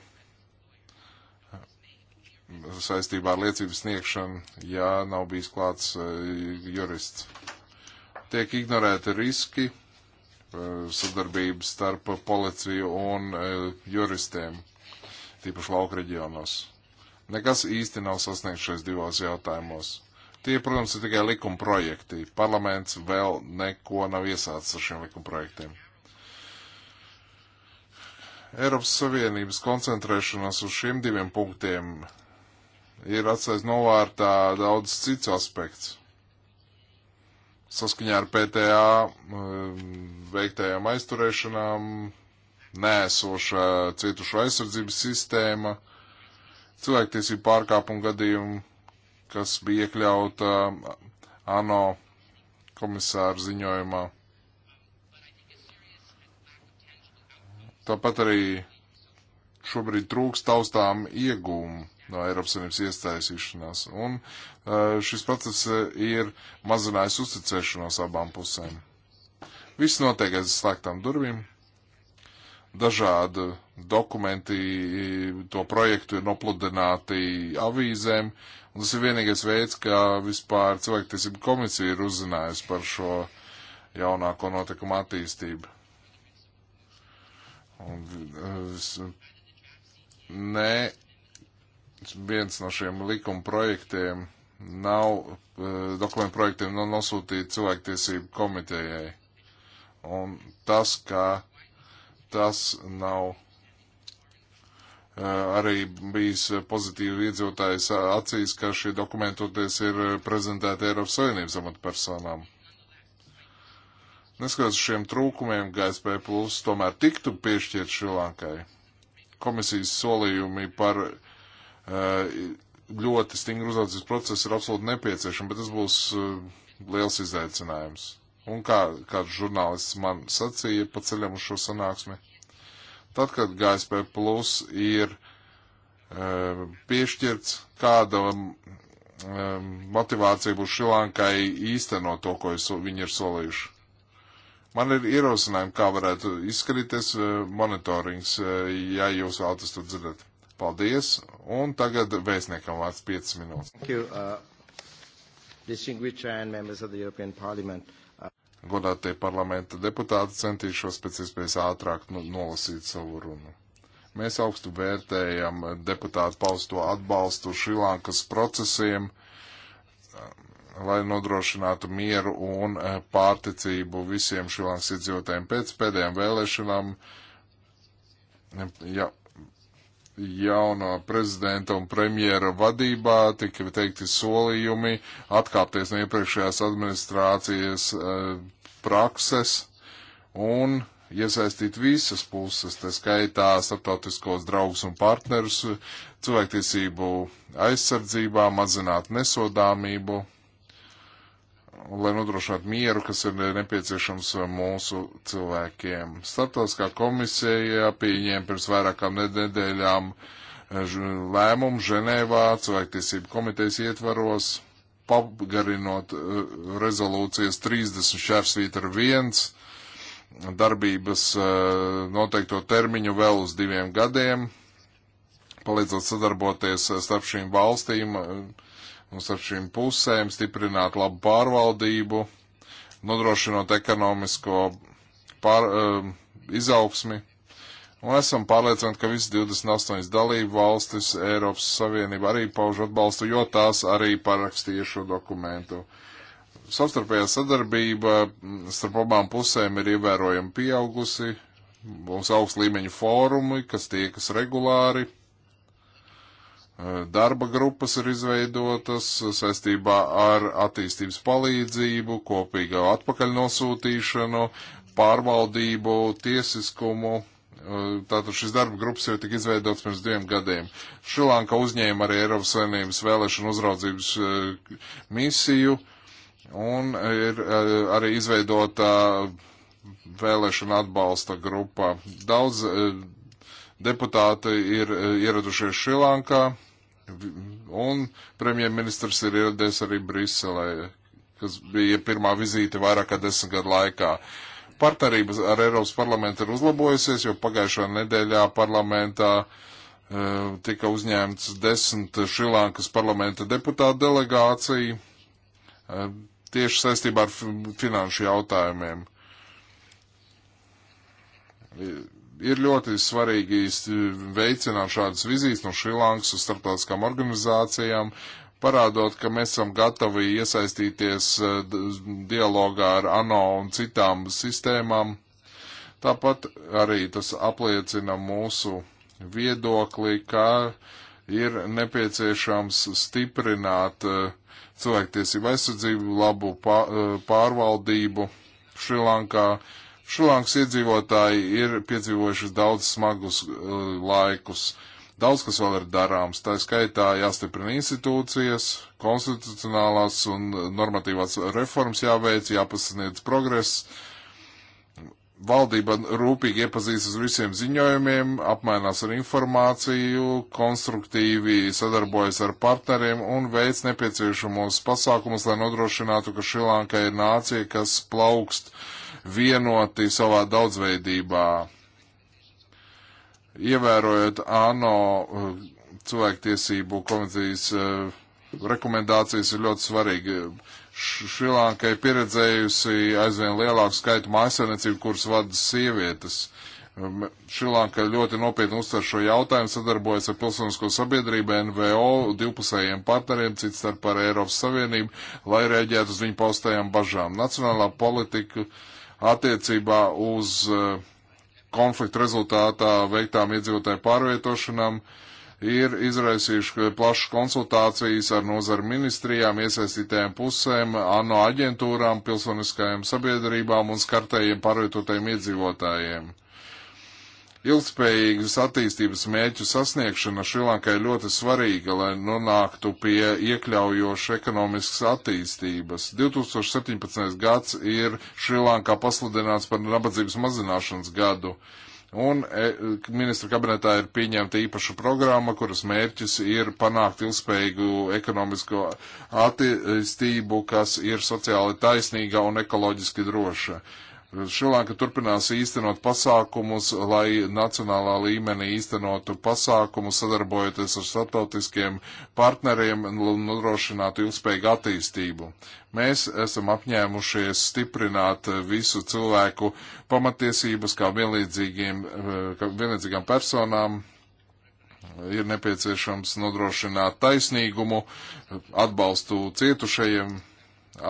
saistībā ar liecības sniegšanu, ja nav bijis klāts e, jurists. Tiek ignorēti riski e, sadarbības starp policiju un e, juristiem, tīpaši lauka reģionos Nekas īsti nav sasniegts šajos divos jautājumos. Tie, protams, ir tikai likuma projekti. Parlaments vēl neko nav iesācis ar šiem likuma projektiem. Eiropas Savienības koncentrēšanās uz šiem diviem punktiem ir atstājis novārtā daudz cits aspekts. Saskaņā ar PTA um, veiktajām aizturēšanām, nēsoša cietušu aizsardzības sistēma, uh, cilvēktiesību pārkāpumu gadījumu, kas bija iekļauta um, ANO komisāra ziņojumā. Tāpat arī šobrīd trūkst taustām iegūmu no Eiropas Savienības iestājas un uh, šis process uh, ir mazinājis uzticēšanos abām pusēm. Viss notiek aiz slēgtām durvīm, dažādu dokumenti, to projektu ir nopludināti avīzēm, un tas ir vienīgais veids, kā vispār cilvēktiesība komisija ir uzzinājusi par šo jaunāko notikumu attīstību. Un, es, ne, viens no šiem likuma projektiem nav, dokumentu projektiem nav nosūtīt cilvēktiesību komitejai. Un tas, kā tas nav arī bijis pozitīvi iedzīvotājs acīs, ka šie dokumentoties ir prezentēti Eiropas Savienības amatpersonām. Neskatoties šiem trūkumiem, GSP plus tomēr tiktu piešķirt Šrilankai. Komisijas solījumi par ļoti stingru uzraudzības procesu ir absolūti nepieciešami, bet tas būs liels izaicinājums. Un kā kāds žurnālists man sacīja pa ceļam uz šo sanāksmi, Tad, kad GSP plus ir e, piešķirts, kāda e, motivācija būs Šilankai īstenot to, ko es, viņi ir solījuši. Man ir ierosinājumi, kā varētu izskatīties e, monitorings, eh, ja jūs vēlaties to dzirdēt. Paldies, un tagad vēstniekam vārds 5 minūtes. Thank you, uh, distinguished chair and members of the European Parliament. Uh, godātie parlamenta deputāti, centīšos pēc iespējas ātrāk nu, nolasīt savu runu. Mēs augstu vērtējam deputātu pausto atbalstu Šrilankas procesiem, lai nodrošinātu mieru un eh, pārticību visiem Šrilankas iedzīvotājiem pēc pēdējām vēlēšanām. Ja, jaunā prezidenta un premjera vadībā tika teikti solījumi atkāpties no iepriekšējās administrācijas eh, prakses un iesaistīt visas puses, tā skaitā starptautiskos draugus un partnerus, cilvēktiesību aizsardzībā, mazināt nesodāmību lai nodrošinātu mieru, kas ir nepieciešams mūsu cilvēkiem. Startautiskā komisija pieņēma pirms vairākām nedēļām eh, lēmumu Ženēvā cilvēktiesību komitejas ietvaros, pagarinot eh, rezolūcijas 30 šķērsvīt ar 1 darbības eh, noteikto termiņu vēl uz diviem gadiem, palīdzot sadarboties starp šīm valstīm mums ar šīm pusēm, stiprināt labu pārvaldību, nodrošinot ekonomisko pār, uh, izaugsmi. Un esam pārliecināti, ka visas 28 dalību valstis Eiropas Savienība arī pauž atbalstu, jo tās arī parakstīja šo dokumentu. Savstarpējā sadarbība mm, starp abām pusēm ir ievērojami pieaugusi. Mums augsts līmeņu fórumi, kas tiekas regulāri Darba grupas ir izveidotas saistībā ar attīstības palīdzību, kopīgo atpakaļnosūtīšanu, pārvaldību, tiesiskumu. Tātad šis darba grupas jau tika izveidots pirms diviem gadiem. Šrilanka uzņēma arī Eiropas Savienības vēlēšanu uzraudzības eh, misiju un ir eh, arī izveidota vēlēšana atbalsta grupa. Daudz eh, deputāti ir ieradušies Šrilankā Un premjerministrs ir ieradies arī Briselē, kas bija pirmā vizīte vairāk kā desmit gadu laikā. Partnerības ar Eiropas parlamentu ir uzlabojusies, jo pagājušā nedēļā parlamentā uh, tika uzņemts desmit Šrilankas parlamenta deputāta delegācija uh, tieši saistībā ar finanšu jautājumiem e, ir ļoti svarīgi veicināt šādas vizītes no Šrilankas uz starptautiskām organizācijām, parādot, ka mēs esam gatavi iesaistīties eh, dialogā ar ANO un citām sistēmām. Tāpat arī tas apliecina mūsu viedokli, ka ir nepieciešams stiprināt eh, cilvēktiesību aizsardzību, labu eh, pārvaldību Šrilankā, uh, Šrilankas iedzīvotāji ir piedzīvojuši daudz smagus uh, laikus. Daudz kas vēl ir darāms. Tā skaitā jāstiprina institūcijas, konstitucionālās un normatīvās reformas jāveic, jāpasniedz progress. Valdība rūpīgi iepazīstas ar visiem ziņojumiem, apmainās ar informāciju, konstruktīvi sadarbojas ar partneriem un veic nepieciešamos pasākumus, lai nodrošinātu, ka Šrilanka ir nācija, kas plaukst uh, vienoti savā daudzveidībā, ievērojot ANO eh, cilvēktiesību konvencijas eh, rekomendācijas ir ļoti svarīgi. Šrilankai pieredzējusi aizvien lielāku skaitu mājasemniecību, kuras vada sievietes. Šrilanka ļoti nopietni uztver šo jautājumu, sadarbojas ar pilsonisko sabiedrību, NVO, divpusējiem partneriem, cits starp ar Eiropas Savienību, lai rēģētu uz viņu paustajām bažām. Nacionālā politika uh, attiecībā uz eh, konfliktu rezultātā veiktām iedzīvotāju pārvietošanām ir izraisījuši plašas konsultācijas ar nozaru ministrijām, iesaistītajām pusēm, ANO aģentūrām, pilsoniskajām sabiedrībām un skartējiem pārvietotajiem iedzīvotājiem. Ilgspējīgas attīstības mērķu sasniegšana Šrilankai ļoti svarīga, lai nonāktu pie iekļaujošas ekonomiskas attīstības. 2017. gads ir Šrilankā pasludināts par nabadzības mazināšanas gadu, un e, ministra kabinetā ir pieņemta īpaša programma, kuras mērķis ir panākt ilgspējīgu ekonomisko attīstību, kas ir sociāli taisnīga un ekoloģiski droša. Uh, Šrilanka turpinās īstenot pasākumus, lai nacionālā līmenī īstenotu pasākumus, sadarbojoties ar starptautiskiem partneriem un nodrošinātu ilgspējīgu attīstību. Mēs esam apņēmušies stiprināt visu cilvēku pamatiesības kā, kā vienlīdzīgām personām. Ir nepieciešams nodrošināt taisnīgumu, atbalstu cietušajiem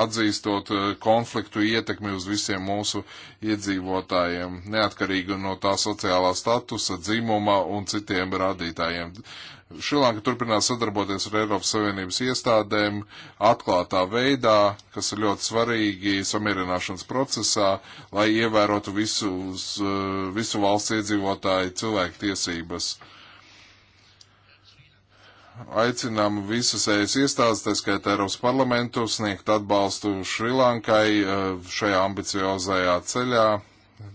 atzīstot eh, konfliktu ietekmi uz visiem mūsu iedzīvotājiem, neatkarīgi no tā sociālā statusa, dzimuma un citiem rādītājiem. Šrilanka turpinās sadarboties ar Eiropas Savienības iestādēm atklātā veidā, kas ir ļoti svarīgi samierināšanas procesā, lai ievērotu visus, eh, visu valsts iedzīvotāju cilvēku tiesības. Uh, aicinām visas ES iestādes, tā skaitā Eiropas parlamentu, sniegt atbalstu Šrilankai eh, šajā ambiciozajā ceļā,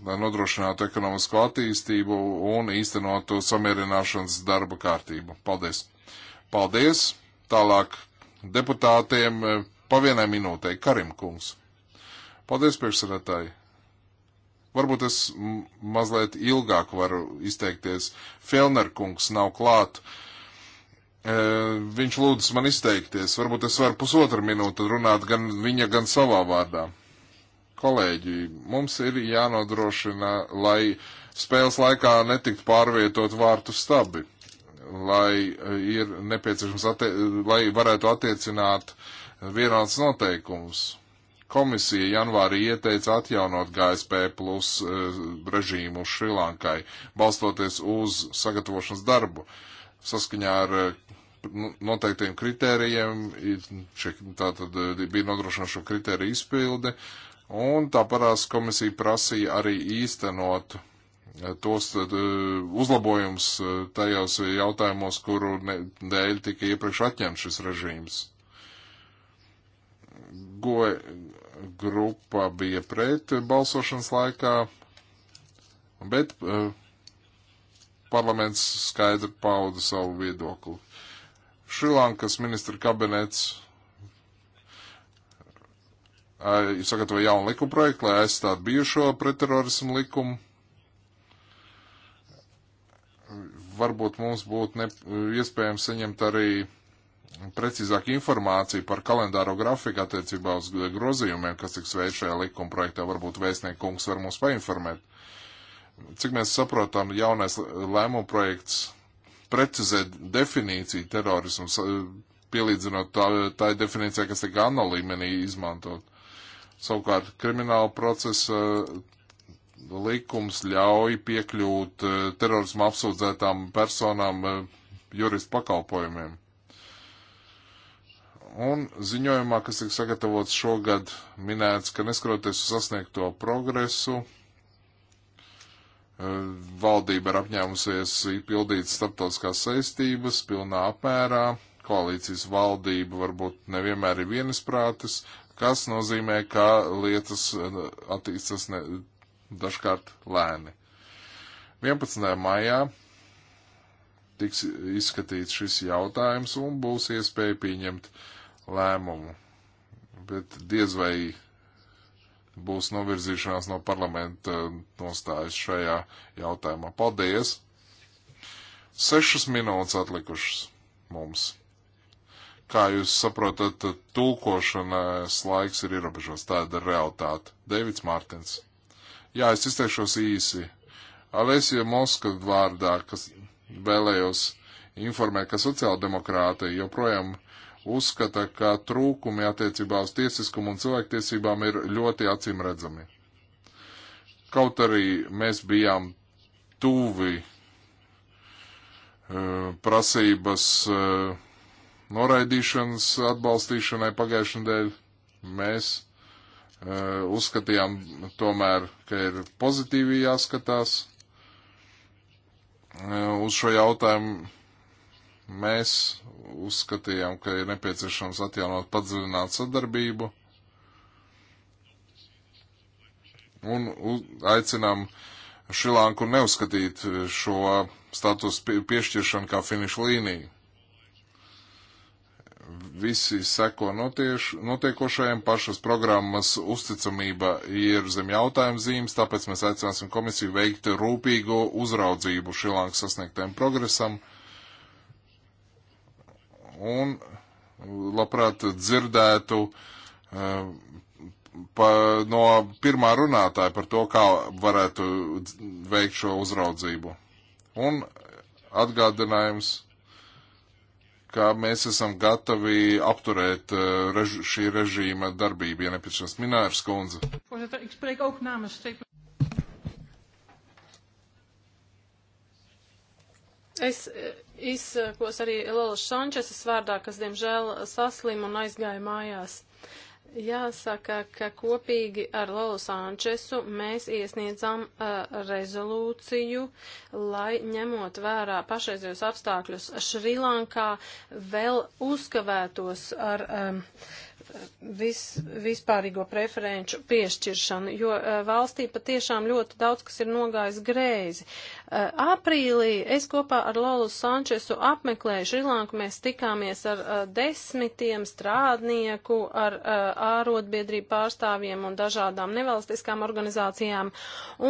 lai nodrošinātu ekonomisko attīstību un īstenotu samierināšanas darba kārtību. Paldies! Paldies! Tālāk deputātiem eh, pa vienai minūtei. Karim kungs. Paldies, priekšsarētāji! Varbūt es mazliet ilgāk varu izteikties. Felner kungs nav klāt. Uh, viņš lūdzas man izteikties. Varbūt es varu pusotru minūtu runāt gan viņa, gan savā vārdā. Kolēģi, mums ir jānodrošina, lai spēles laikā netiktu pārvietot vārtu stabi, lai ir nepieciešams, attie lai varētu attiecināt vienāds noteikums. Komisija janvārī ieteica atjaunot GSP plus režīmu Šrilankai, balstoties uz sagatavošanas darbu. Uh, saskaņā ar eh, nu, noteiktiem kritērijiem, tātad eh, bija nodrošināta šo kritēriju izpildi, un tā parās komisija prasīja arī īstenot eh, tos uzlabojums tajos jautājumos, kuru dēļ tika iepriekš atņemts šis režīms. Goe grupa bija pret balsošanas laikā, bet uh, parlaments skaidri pauda savu viedokli. Šrilankas ministra kabinets sagatavoja jaunu likuma projektu, lai aizstātu bijušo pretterorismu likumu. Varbūt mums būtu ne, iespējams saņemt arī precīzāk informāciju par kalendāro grafiku attiecībā uz grozījumiem, kas tiks veikts šajā likuma projektā. Varbūt vēstniekungs var mums painformēt. Cik mēs saprotam, jaunais lēmuma projekts precizē definīciju terorismus, pielīdzinot tā, tā definīcijai, kas tiek ANO līmenī izmantot. Savukārt, krimināla procesa eh, likums ļauj piekļūt eh, terorismu apsūdzētām personām eh, juristu pakalpojumiem. Un ziņojumā, kas tiek sagatavots šogad, minēts, ka neskatoties uz sasniegto progresu, Valdība ir apņēmusies pildīt starptautiskās saistības pilnā apmērā. Koalīcijas valdība varbūt nevienmēr ir vienisprātis, kas nozīmē, ka lietas eh, attīstas ne, dažkārt lēni. 11. maijā tiks izskatīts šis jautājums un būs iespēja pieņemt lēmumu. Bet diez vai būs novirzīšanās no parlamenta nostājas šajā jautājumā. Paldies! Sešas minūtes atlikušas mums. Kā jūs saprotat, tulkošanas laiks ir ierobežots. Tāda ir realitāte. Deivids Mārtins. Jā, es izteikšos īsi. Alesija Moska vārdā, kas vēlējos informēt, ka sociāldemokrāti joprojām uzskata, ka trūkumi attiecībā uz tiesiskumu un cilvēktiesībām ir ļoti acimredzami. Kaut arī mēs bijām tuvi eh, prasības eh, noraidīšanas atbalstīšanai pagājušajā nedēļ, mēs eh, uzskatījām tomēr, ka ir pozitīvi jāskatās uz šo jautājumu Mēs uzskatījām, ka ir nepieciešams atjaunot padziļināt sadarbību un aicinām Šrilanku neuzskatīt šo status piešķiršanu kā finišu līniju. Visi seko notieš, notiekošajiem, pašas programmas uzticamība ir zem jautājuma zīmes, tāpēc mēs aicināsim komisiju veikt rūpīgo uzraudzību Šrilankas sasniegtajam progresam un labprāt dzirdētu uh, pa, no pirmā runātāja par to, kā varētu veikt šo uzraudzību. Un atgādinājums, ka mēs esam gatavi apturēt uh, eh, rež šī režīma darbību, ja nepieciešams. Minārs Kunze. Es eh, izsakos eh, arī Lolas Šančesas vārdā, kas diemžēl saslim un aizgāja mājās. Jāsaka, ka kopīgi ar Lolu Sančesu mēs iesniedzam uh, rezolūciju, lai ņemot vērā pašreizējos apstākļus Šrilankā vēl uzkavētos ar um, vis, vispārīgo preferenču piešķiršanu, jo uh, valstī patiešām ļoti daudz kas ir nogājis greizi. Uh, aprīlī es kopā ar Lolu Sančesu apmeklēju Šrilanku, mēs tikāmies ar uh, desmitiem strādnieku, ar uh, ārotbiedrību pārstāvjiem un dažādām nevalstiskām organizācijām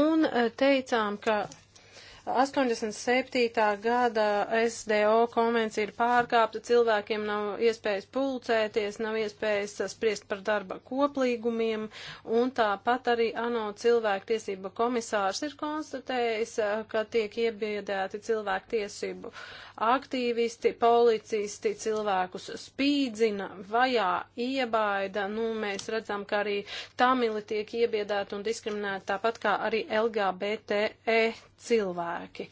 un uh, teicām, ka 87. gada SDO konvencija ir pārkāpta, cilvēkiem nav iespējas pulcēties, nav iespējas spriest par darba koplīgumiem, un tāpat arī ANO cilvēktiesība komisārs ir konstatējis, eh, ka tiek iebiedēti cilvēktiesību aktīvisti, policisti cilvēkus spīdzina, vajā, iebaida, nu, mēs redzam, ka arī tamili tiek iebiedēti un diskriminēti, tāpat kā arī LGBTE cilvēki.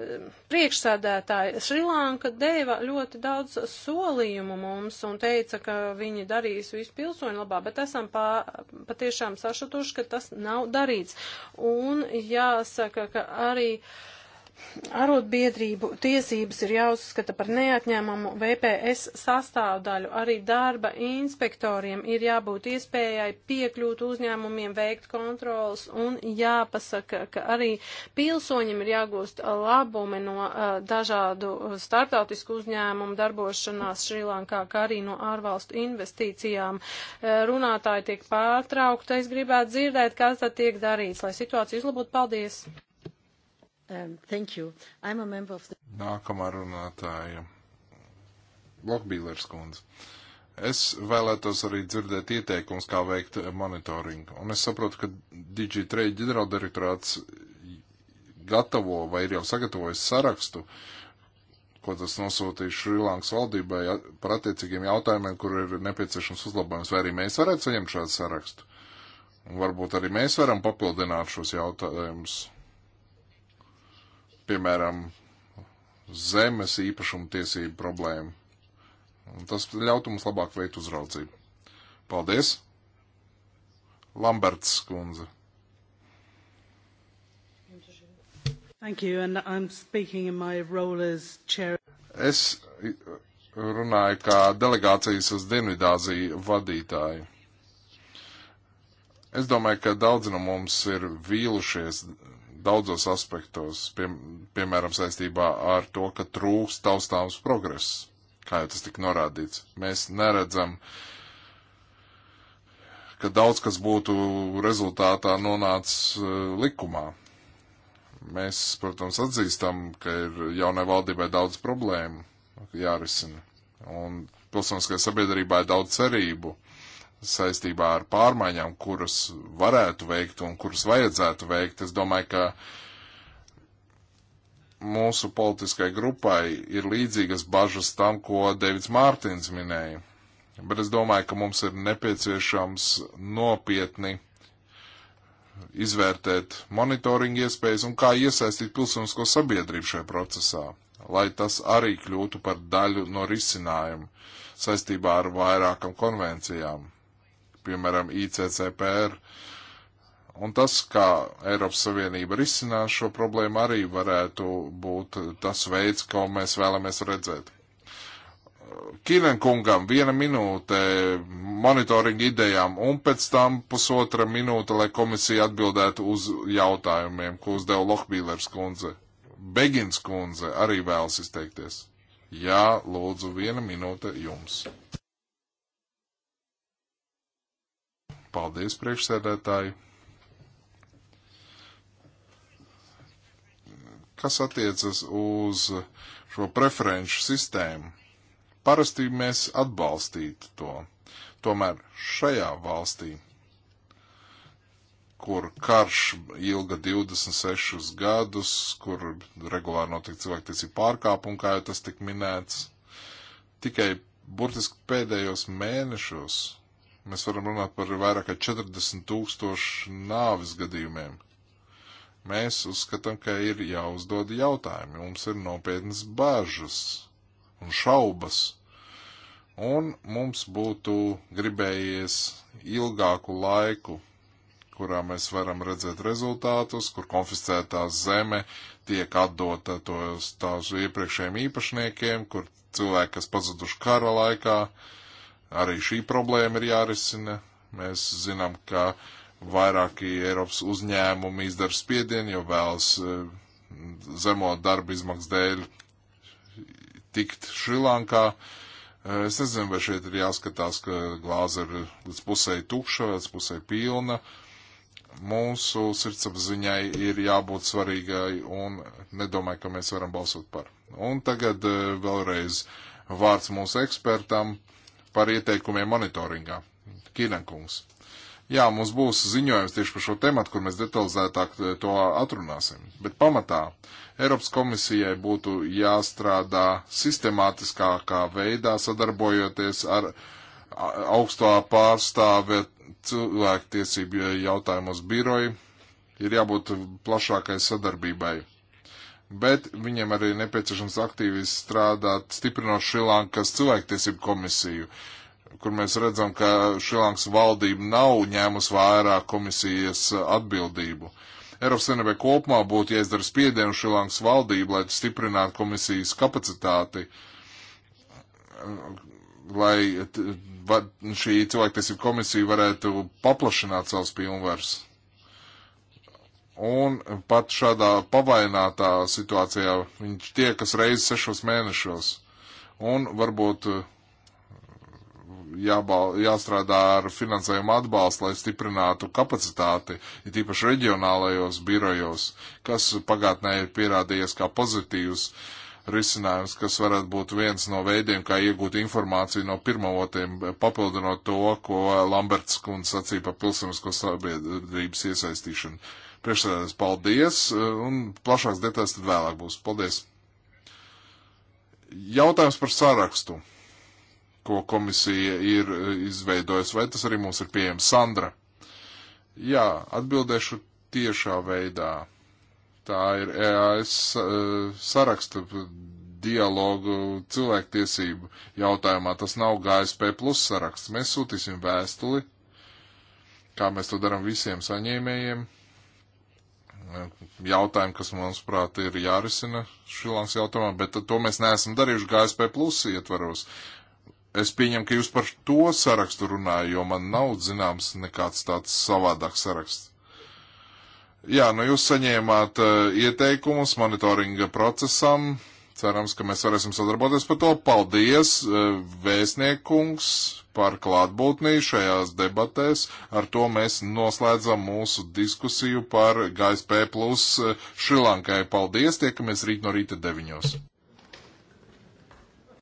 Ehm, Priekšsēdētāji Šrilanka deva ļoti daudz solījumu mums un teica, ka viņi darīs visu pilsoņu labā, bet esam pā, patiešām sašutuši, ka tas nav darīts. Un jāsaka, ka arī. Uh, Arotbiedrību tiesības ir jāuzskata par neatņēmumu VPS sastāvdaļu. Arī darba inspektoriem ir jābūt iespējai piekļūt uzņēmumiem, veikt kontrols un jāpasaka, ka arī pilsoņiem ir jāgūst labumi no uh, dažādu startautisku uzņēmumu darbošanās Šrilankā, kā arī no ārvalstu investīcijām. Uh, runātāji tiek pārtraukta. Es gribētu dzirdēt, kas tad tiek darīts, lai situāciju uzlabotu. Paldies! Um, thank you. I'm a member of the... Nākamā runātāja. Lokbīlers kundze. Es vēlētos arī dzirdēt ieteikums, kā veikt monitoringu. Un es saprotu, ka DigiTrade ģenerāldirektorāts gatavo vai ir jau sagatavojis sarakstu, ko tas nosūtīja Šrilankas valdībai par attiecīgiem jautājumiem, kur ir nepieciešams uzlabojums, vai arī mēs varētu saņemt šādu sarakstu. Un varbūt arī mēs varam papildināt šos jautājumus piemēram, zemes īpašuma tiesību problēma. Un tas ļautu mums labāk veikt uzraudzību. Paldies! Lamberts skundze. Thank you, and I'm speaking in my role as chair. Es runāju kā delegācijas uz Dienvidāziju vadītāju. Es domāju, ka daudzi no mums ir vīlušies daudzos aspektos, pie, piemēram, saistībā ar to, ka trūks taustāms progress, kā jau tas tika norādīts. Mēs neredzam, ka daudz kas būtu rezultātā nonācis eh, likumā. Mēs, protams, atzīstam, ka ir jaunai valdībai daudz problēmu jārisina, un pilsoniskajai sabiedrībai daudz cerību saistībā ar pārmaiņām, kuras varētu veikt un kuras vajadzētu veikt, es domāju, ka mūsu politiskai grupai ir līdzīgas bažas tam, ko Devits Mārtiņš minēja. Bet es domāju, ka mums ir nepieciešams nopietni izvērtēt monitoringa iespējas un kā iesaistīt pilsonisko sabiedrību šajā procesā, lai tas arī kļūtu par daļu no risinājuma saistībā ar vairākam konvencijām piemēram, ICCPR. Un tas, kā Eiropas Savienība risinās šo problēmu, arī varētu būt tas veids, ko mēs vēlamies redzēt. Kīnenkungam viena minūte monitoringa idejām un pēc tam pusotra minūte, lai komisija atbildētu uz jautājumiem, ko uzdeva Lohbīlers kundze. Begins kundze arī vēlas izteikties. Jā, lūdzu, viena minūte jums. Paldies, priekšsēdētāji! Kas attiecas uz šo preferenču sistēmu? Parasti mēs atbalstītu to. Tomēr šajā valstī, kur karš ilga 26 gadus, kur regulāri notiek cilvēktiesību pārkāpumi, kā jau tas tik minēts, tikai burtiski pēdējos mēnešos Mēs varam runāt par vairāk kā 40 tūkstošu nāvis gadījumiem. Mēs uzskatām, ka ir jāuzdod jautājumi, mums ir nopietnas bažas un šaubas, un mums būtu gribējies ilgāku laiku, kurā mēs varam redzēt rezultātus, kur konfiscētā zeme tiek atdota tos tās iepriekšējiem īpašniekiem, kur cilvēki, kas pazuduši kara laikā, uh, Arī šī problēma ir jārisina. Mēs zinām, ka vairāki Eiropas uzņēmumi izdara spiedienu, jo vēlas eh, zemo darba izmaksu dēļ tikt Šrilankā. Eh, es nezinu, vai šeit ir jāskatās, ka glāze ir līdz pusē tukša, līdz pusē pilna. Mūsu sirdsapziņai ir jābūt svarīgai un nedomāju, ka mēs varam balsot par. Un tagad eh, vēlreiz vārds mūsu ekspertam par ieteikumiem monitoringā. Kīnenkungs. Jā, mums būs ziņojums tieši par šo tematu, kur mēs detalizētāk eh, to atrunāsim. Bet pamatā Eiropas komisijai būtu jāstrādā sistemātiskākā veidā, sadarbojoties ar augstā pārstāve cilvēktiesību jautājumos biroju. Ir jābūt plašākai sadarbībai bet viņam arī nepieciešams aktīvi strādāt, stiprinot Šrilankas cilvēktiesību komisiju, kur mēs redzam, ka Šrilankas valdība nav ņēmus vērā komisijas atbildību. Eiropas Savienībai kopumā būtu jāizdara spiedienu Šrilankas valdību, lai stiprinātu komisijas kapacitāti, lai šī cilvēktiesību komisija varētu paplašināt savus pilnvars. Un pat šādā pavainātā situācijā viņš tiekas reizes sešos mēnešos. Un varbūt uh, jābal, jāstrādā ar finansējumu atbalstu, lai stiprinātu kapacitāti, it īpaši reģionālajos birojos, kas pagātnē ir pierādījies kā pozitīvs risinājums, kas varētu būt viens no veidiem, kā iegūt informāciju no pirmavotiem, papildinot to, ko Lamberts kundze sacīja par pilsonisko sabiedrības iesaistīšanu. Priekšsēdētājs, paldies, eh, un plašāks detaļas tad vēlāk būs. Paldies! Jautājums par sarakstu, ko komisija ir eh, izveidojusi, vai tas arī mums ir pieejams? Sandra. Jā, atbildēšu tiešā veidā. Tā ir EAS eh, saraksta dialogu cilvēktiesību jautājumā. Tas nav GSP plus saraksts. Mēs sūtīsim vēstuli, kā mēs to darām visiem saņēmējiem jautājumi, kas mums prāt ir jārisina Šrilankas jautājumā, bet to mēs neesam darījuši GSP plus ietvaros. Es pieņemu, ka jūs par to sarakstu runājat, jo man nav zināms nekāds tāds savādāks saraksts. Jā, nu jūs saņēmāt uh, ieteikumus monitoringa procesam, uh, Cerams, ka mēs varēsim sadarboties par to. Paldies, e, vēstniekungs, par klātbūtnī šajās debatēs. Ar to mēs noslēdzam mūsu diskusiju par GSP plus Šrilankai. Paldies, tiekamies rīt no rīta deviņos.